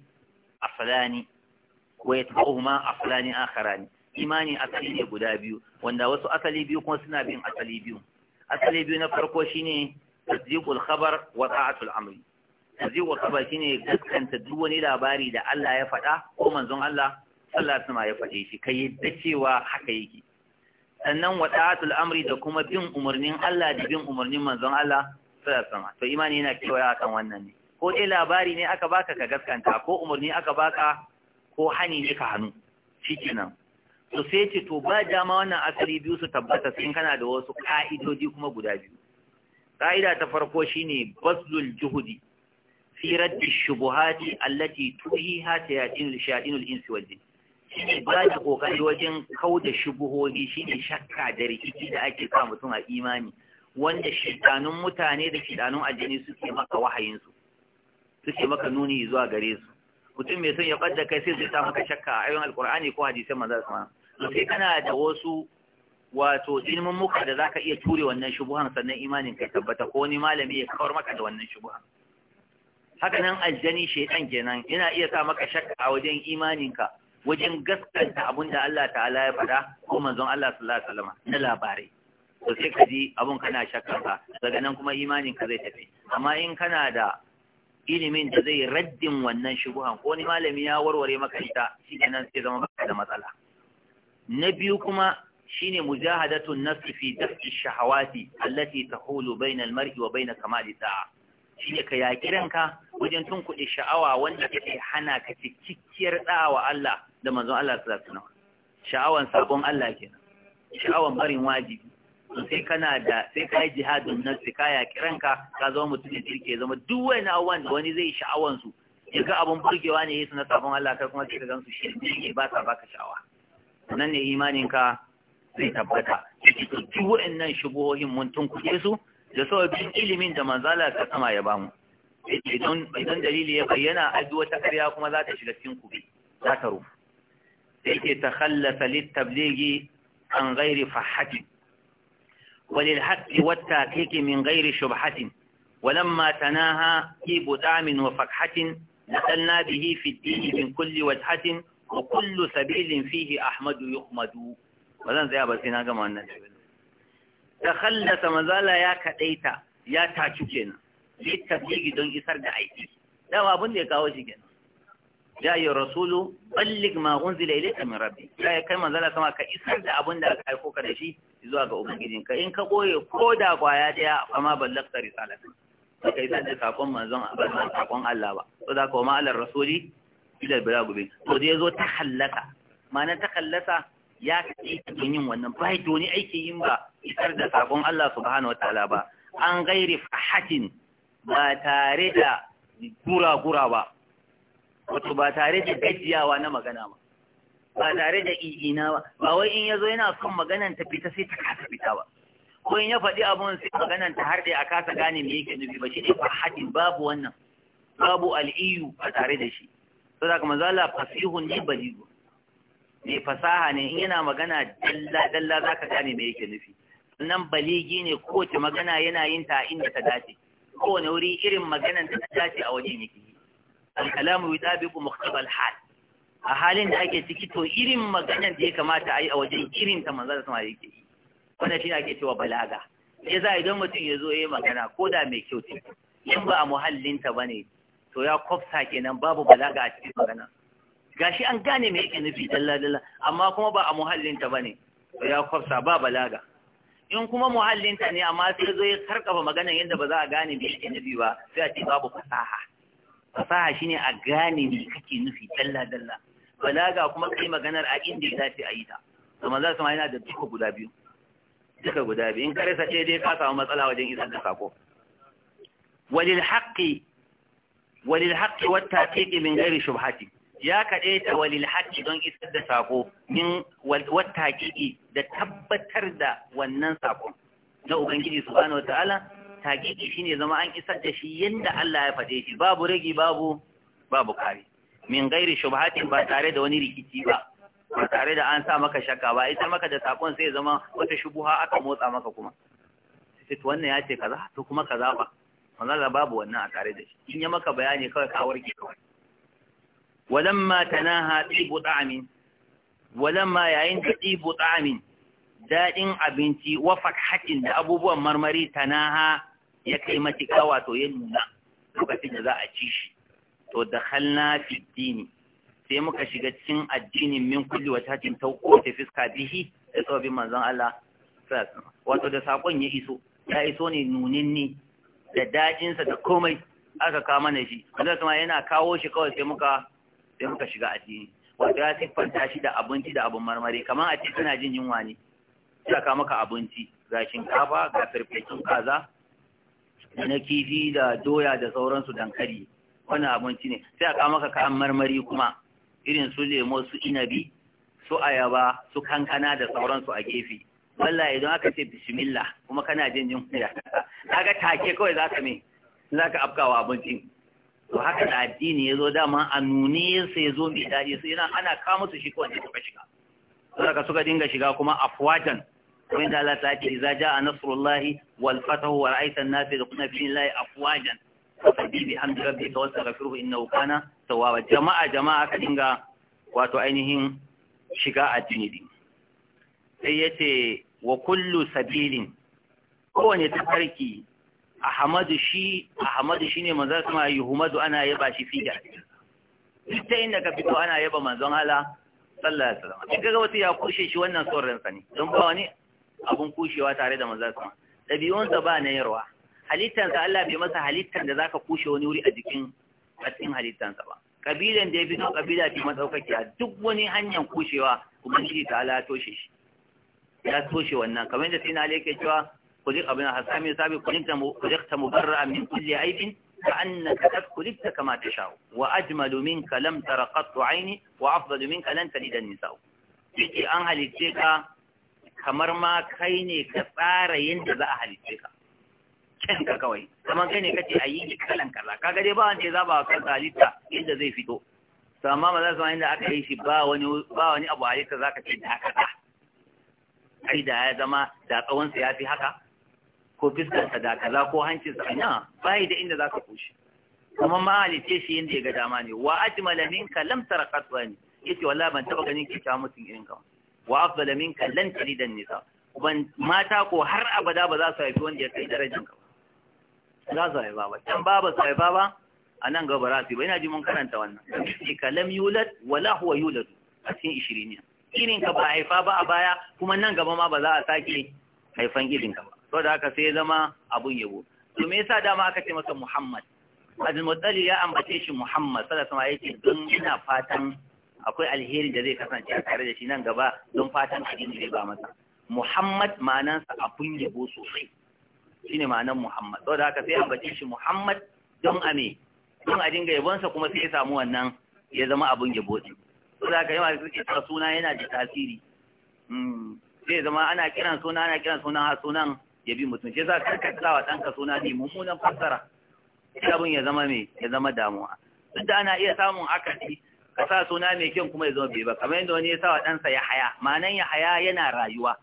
aslani a yatba'uhuma aslani akharani imani asali ne guda biyu wanda wasu asali biyu kuma suna bin asali biyu asali biyu na farko shine tasdiqul khabar wa ta'atul amri tasdiqul khabar shine gaskanta duk wani labari da Allah ya faɗa ko manzon Allah Allah sama ya faɗe shi ka yadda cewa haka yake sannan wada'atul amri da kuma bin umarnin Allah da bin umarnin manzon Allah sallallahu alaihi sama, to imani yana cewa kan wannan ne ko dai labari ne aka baka ka gaskanta ko umarni aka baka ko hani ne ka hannu shikenan to sai ce to ba dama wannan asali biyu su tabbata sun kana da wasu ka'idoji kuma guda biyu ka'ida ta farko shine baslul juhudi fi raddi shubuhati allati tuhiha tayatinul shayatinul insi wal jinn shi ne ba da ƙoƙari wajen kau da shubuhohi shi ne shakka da rikici da ake sa mutum a imani wanda shidanun mutane da shidanun addini suke maka wahayinsu suke maka nuni zuwa gare su mutum mai son ya ɓadda kai sai zai sa maka shakka a ayon alkur'ani ko hadisan manzo sama sai kana da wasu wato ilimin muka da zaka iya ture wannan shubuhan sannan imanin ka tabbata ko wani malami ya kawar maka da wannan shubuhan haka nan aljani shaitan kenan yana iya sa maka shakka a wajen imaninka wajen gaskanta abin da Allah ta'ala ya faɗa ko manzon Allah sallallahu alaihi wasallam na labarai to sai ka ji abun kana shakka ka daga nan kuma imanin ka zai tafi amma in kana da ilimin da zai raddin wannan shubuhan ko ni malami ya warware maka ita shi nan sai zama baka da matsala na biyu kuma shine mujahadatu nafsi fi dafi shahawati allati tahulu bainal mar'i wa bainal kamali da'a shi ne ka yaƙi ranka wajen tun kuɗi sha'awa wanda take hana ka cikakkiyar ɗawa Allah da manzon Allah su zasu nan sha'awan sabon Allah kenan sha'awan barin wajibi to sai kana da sai ka yi jihadun nan sai ka yaƙi ranka ka zama mutum da kirke zama duk wani abubuwan da wani zai sha'awan su ya ga abun burgewa ne su na sabon Allah kai kuma sai gansu shi ne ba ta baka sha'awa nan ne imanin ka zai tabbata duk wa'annan shubuhohin mun tun kuɗe su da sau biyu ilimin da manzala ta kama ya bamu idan dalili ya bayyana aji wata ƙarya kuma za ta shiga cikin kube za ta rufe sai ke ta khallasa littabligi an gairi fahatin walil haƙi wata kake min gairi shubhatin walan mata na ha ki butamin wa fahatin na ɗan nabihi fiddini bin kulli wajhatin wa kullu sabilin fihi ahmadu yuhmadu ba zan tsaya ba sai na gama wannan da khallasa mazala ya kadaita ya taci kenan zai tabbigi don isar da aiki dan abin da ya kawo shi kenan ya yi rasulu ballig ma unzila ilayka min rabbi ya kai mazala sama ka isar da abin da aka aiko ka da shi zuwa ga ubangijin ka. in ka koye ko da kwaya daya amma ballagta risalata baka isar da sakon manzon abin sakon Allah ba to da kuma alar rasuli ila bilagubi to da yazo ta hallaka ma'ana ta kallasa. ya kaɗai don yin wannan ba da wani aiki yin ba isar da sakon Allah subhanahu wataala ba an gairi fahatin ba tare da gura-gura ba wato ba tare da gajiyawa na magana ba ba tare da ijina ba ba wai in yazo yana son maganan ta fita sai ta kasa fita ba ko in ya faɗi abun sai maganan ta har dai a kasa gane me yake nufi ba shi ne fahatin babu wannan babu al'iyu ba tare da shi saboda kuma zalla fasihun ne baligu mai fasaha ne in yana magana dalla dalla ka gane me yake nufi sannan baligi ne kowace magana yana yin ta inda ta dace kowane wuri irin maganan da ta dace a waje yake al-kalamu ku muktabal hal a halin da ake ciki to irin maganan da ya kamata a yi a wajen irin ta manzo da sama yake yi wannan shi ake cewa balaga ya za idan mutum ya zo ya yi magana ko da mai kyau ce in ba a muhallinta ba ne to ya kwafsa kenan babu balaga a cikin magana gashi an gane mai yake nufi dalla dalla amma kuma ba a muhallinta bane ya kwafsa ba balaga in kuma muhallinta ne amma sai zo ya karkafa maganar yadda ba za a gane mai yake nufi ba sai a ce babu fasaha fasaha shine a gane mai kake nufi dalla dalla balaga kuma kai maganar a inda ya dace a yi ta kuma za su ma yana da duka guda biyu duka guda biyu in karesa ce dai ka samu matsala wajen isar da sako walil haqqi walil haqqi wat taqiqi min ghairi shubhati ya kaɗe ta walil haƙi don isar da sako min wata haƙiƙi da tabbatar da wannan sako na Ubangiji subhanahu wa ta'ala taƙiƙi shine zama an isar da shi yadda Allah ya faɗe shi babu ragi babu babu kare min gairi shubhatin ba tare da wani rikici ba ba tare da an sa maka shakka ba isar maka da sakon sai zama wata shubuha aka motsa maka kuma sai wannan ya ce kaza to kuma kaza ba wannan babu wannan a tare da shi in ya maka bayani kawai ka warke kawai walamma tanaha tibu ta'amin walamma yayin da tibu ta'amin daɗin abinci wa fathatin da abubuwan marmari tanaha ya kai matuƙa wato ya nuna lokacin da za a ci shi to da halna fi dini sai muka shiga cikin addinin min kulli wata cin tauko ta fiska bihi da tsawabin manzon Allah wato da sakon ya iso ya iso ne nunin ne. da dajinsa da komai aka kawo mana shi wanda kuma yana kawo shi kawai sai muka sai muka shiga addini wato ya siffanta shi da abinci da abin marmari kamar a ce kana jin yunwa ne sai ka maka abinci ga shinkafa ga farfesun kaza da na kifi da doya da sauransu dankali wannan abinci ne sai a maka kayan marmari kuma irin su lemo su inabi su ayaba su kankana da sauransu a gefe walla idan aka ce bismillah kuma kana jin jin kuya kaga take kawai za ka me za ka afkawa abincin to haka da addini ya zo dama a nune sai zo mai daɗi sai yana ana kawo musu shi kawai suka shiga saboda suka dinga shiga kuma afwatan kuma inda Allah ta ce idza jaa nasrullahi wal fathu aisan na an da yadkhuluna fi a dinillahi afwajan fasabbih bihamdi rabbika wastaghfirhu innahu kana tawwaba jama'a jama'a ka dinga wato ainihin shiga addini din sai ya ce wa kullu sabilin kowane tafarki ahmadu shi ahmadu shine manzo kuma yuhmadu ana yaba shi fi da ita inda ka fito ana yaba manzon Allah sallallahu alaihi wasallam in kaga wata ya kushe shi wannan tsoron sa ne don ba wani abun kushewa tare da manzo kuma sa ba na yarwa sa Allah bai masa halittan da zaka kushe wani wuri a jikin a cikin halittansa ba kabilan da ya fito kabila ce a duk wani hanyar kushewa shi ta ala toshe shi ya toshe wannan kamar yadda sai na alaike cewa kulik abin hasami sabi kulikta ta mubarra min kulli aibin كأنك قد Wa كما تشاء وأجمل منك لم تر wa عيني وأفضل منك ta تلد النساء yake an halicce ka kamar ma kai ne ka tsara yadda za a halicce ka kyan ka kawai kamar kai ne kace a yi kalan kaza Ka dai ba za ba zaba ka halitta yadda zai fito to amma ba za su yadda aka yi shi ba wani ba wani abu halitta za ka ce da kaza ai da ya zama da tsawon ya fi haka ko fiskarsa da kaza ko hancinsa ina bai da inda zaka kushe kuma ma halice shi inda ya ga dama ne wa ajmala minka lam tara qatwani yace wallahi ban taba ganin kika mutun irin ka wa afdala minka lan talida nisa ban mata ko har abada ba za su haifi wanda ya kai darajar ka za su haifa ba can ba ba su haifa ba a nan gaba za su ba ina ji mun karanta wannan shi ka lam yulad wala huwa yulad a cikin ishiriniya irin ka ba haifa ba a baya kuma nan gaba ma ba za a sake haifan irin ka ba saboda haka sai ya zama abun yabo to me yasa dama aka ce masa Muhammad Abdul Muttalib ya ambace shi Muhammad sallallahu alaihi wasallam yake don ina fatan akwai alheri da zai kasance a tare da shi nan gaba don fatan addini zai ba masa Muhammad ma'anansa abun yabo sosai shine ma'anan Muhammad saboda haka sai ambace shi Muhammad don ame don a dinga yabonsa kuma sai ya samu wannan ya zama abun yabo din saboda haka yawa suke suna yana da tasiri hmm. sai zama ana kiran suna ana kiran sunan har sunan ya bi mutum shi za a karkata wa ɗanka suna ne mummunan fassara abin ya zama mai ya zama damuwa duk da ana iya samun akasi ka sa suna mai kyan kuma ya zama bai ba kamar yadda wani ya sa wa ɗansa ya haya ma'anan ya haya yana rayuwa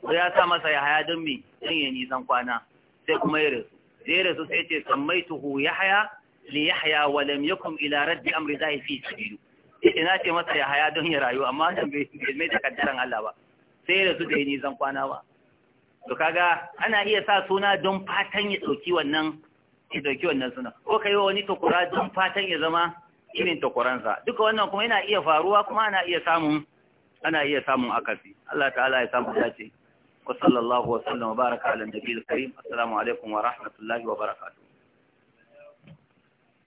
ko ya sa masa ya haya don me don ya nisan kwana sai kuma ya rasu da ya rasu sai ce tuhu ya haya ne ya haya wa lam yakum ila raddi amri zahi fi sabilu na ce masa ya haya don ya rayu amma wannan bai mai takaddaran Allah ba sai ya rasu da ya nisan kwana ba to kaga ana iya sa suna don fatan ya dauki wannan ya dauki wannan suna ko kai wa wani takura don fatan ya zama irin takuransa duka wannan kuma yana iya faruwa kuma ana iya samun ana iya samun akasi Allah ta'ala ya samu dace wa sallallahu wa sallam wa baraka ala nabiyil karim assalamu alaikum wa rahmatullahi wa barakatuh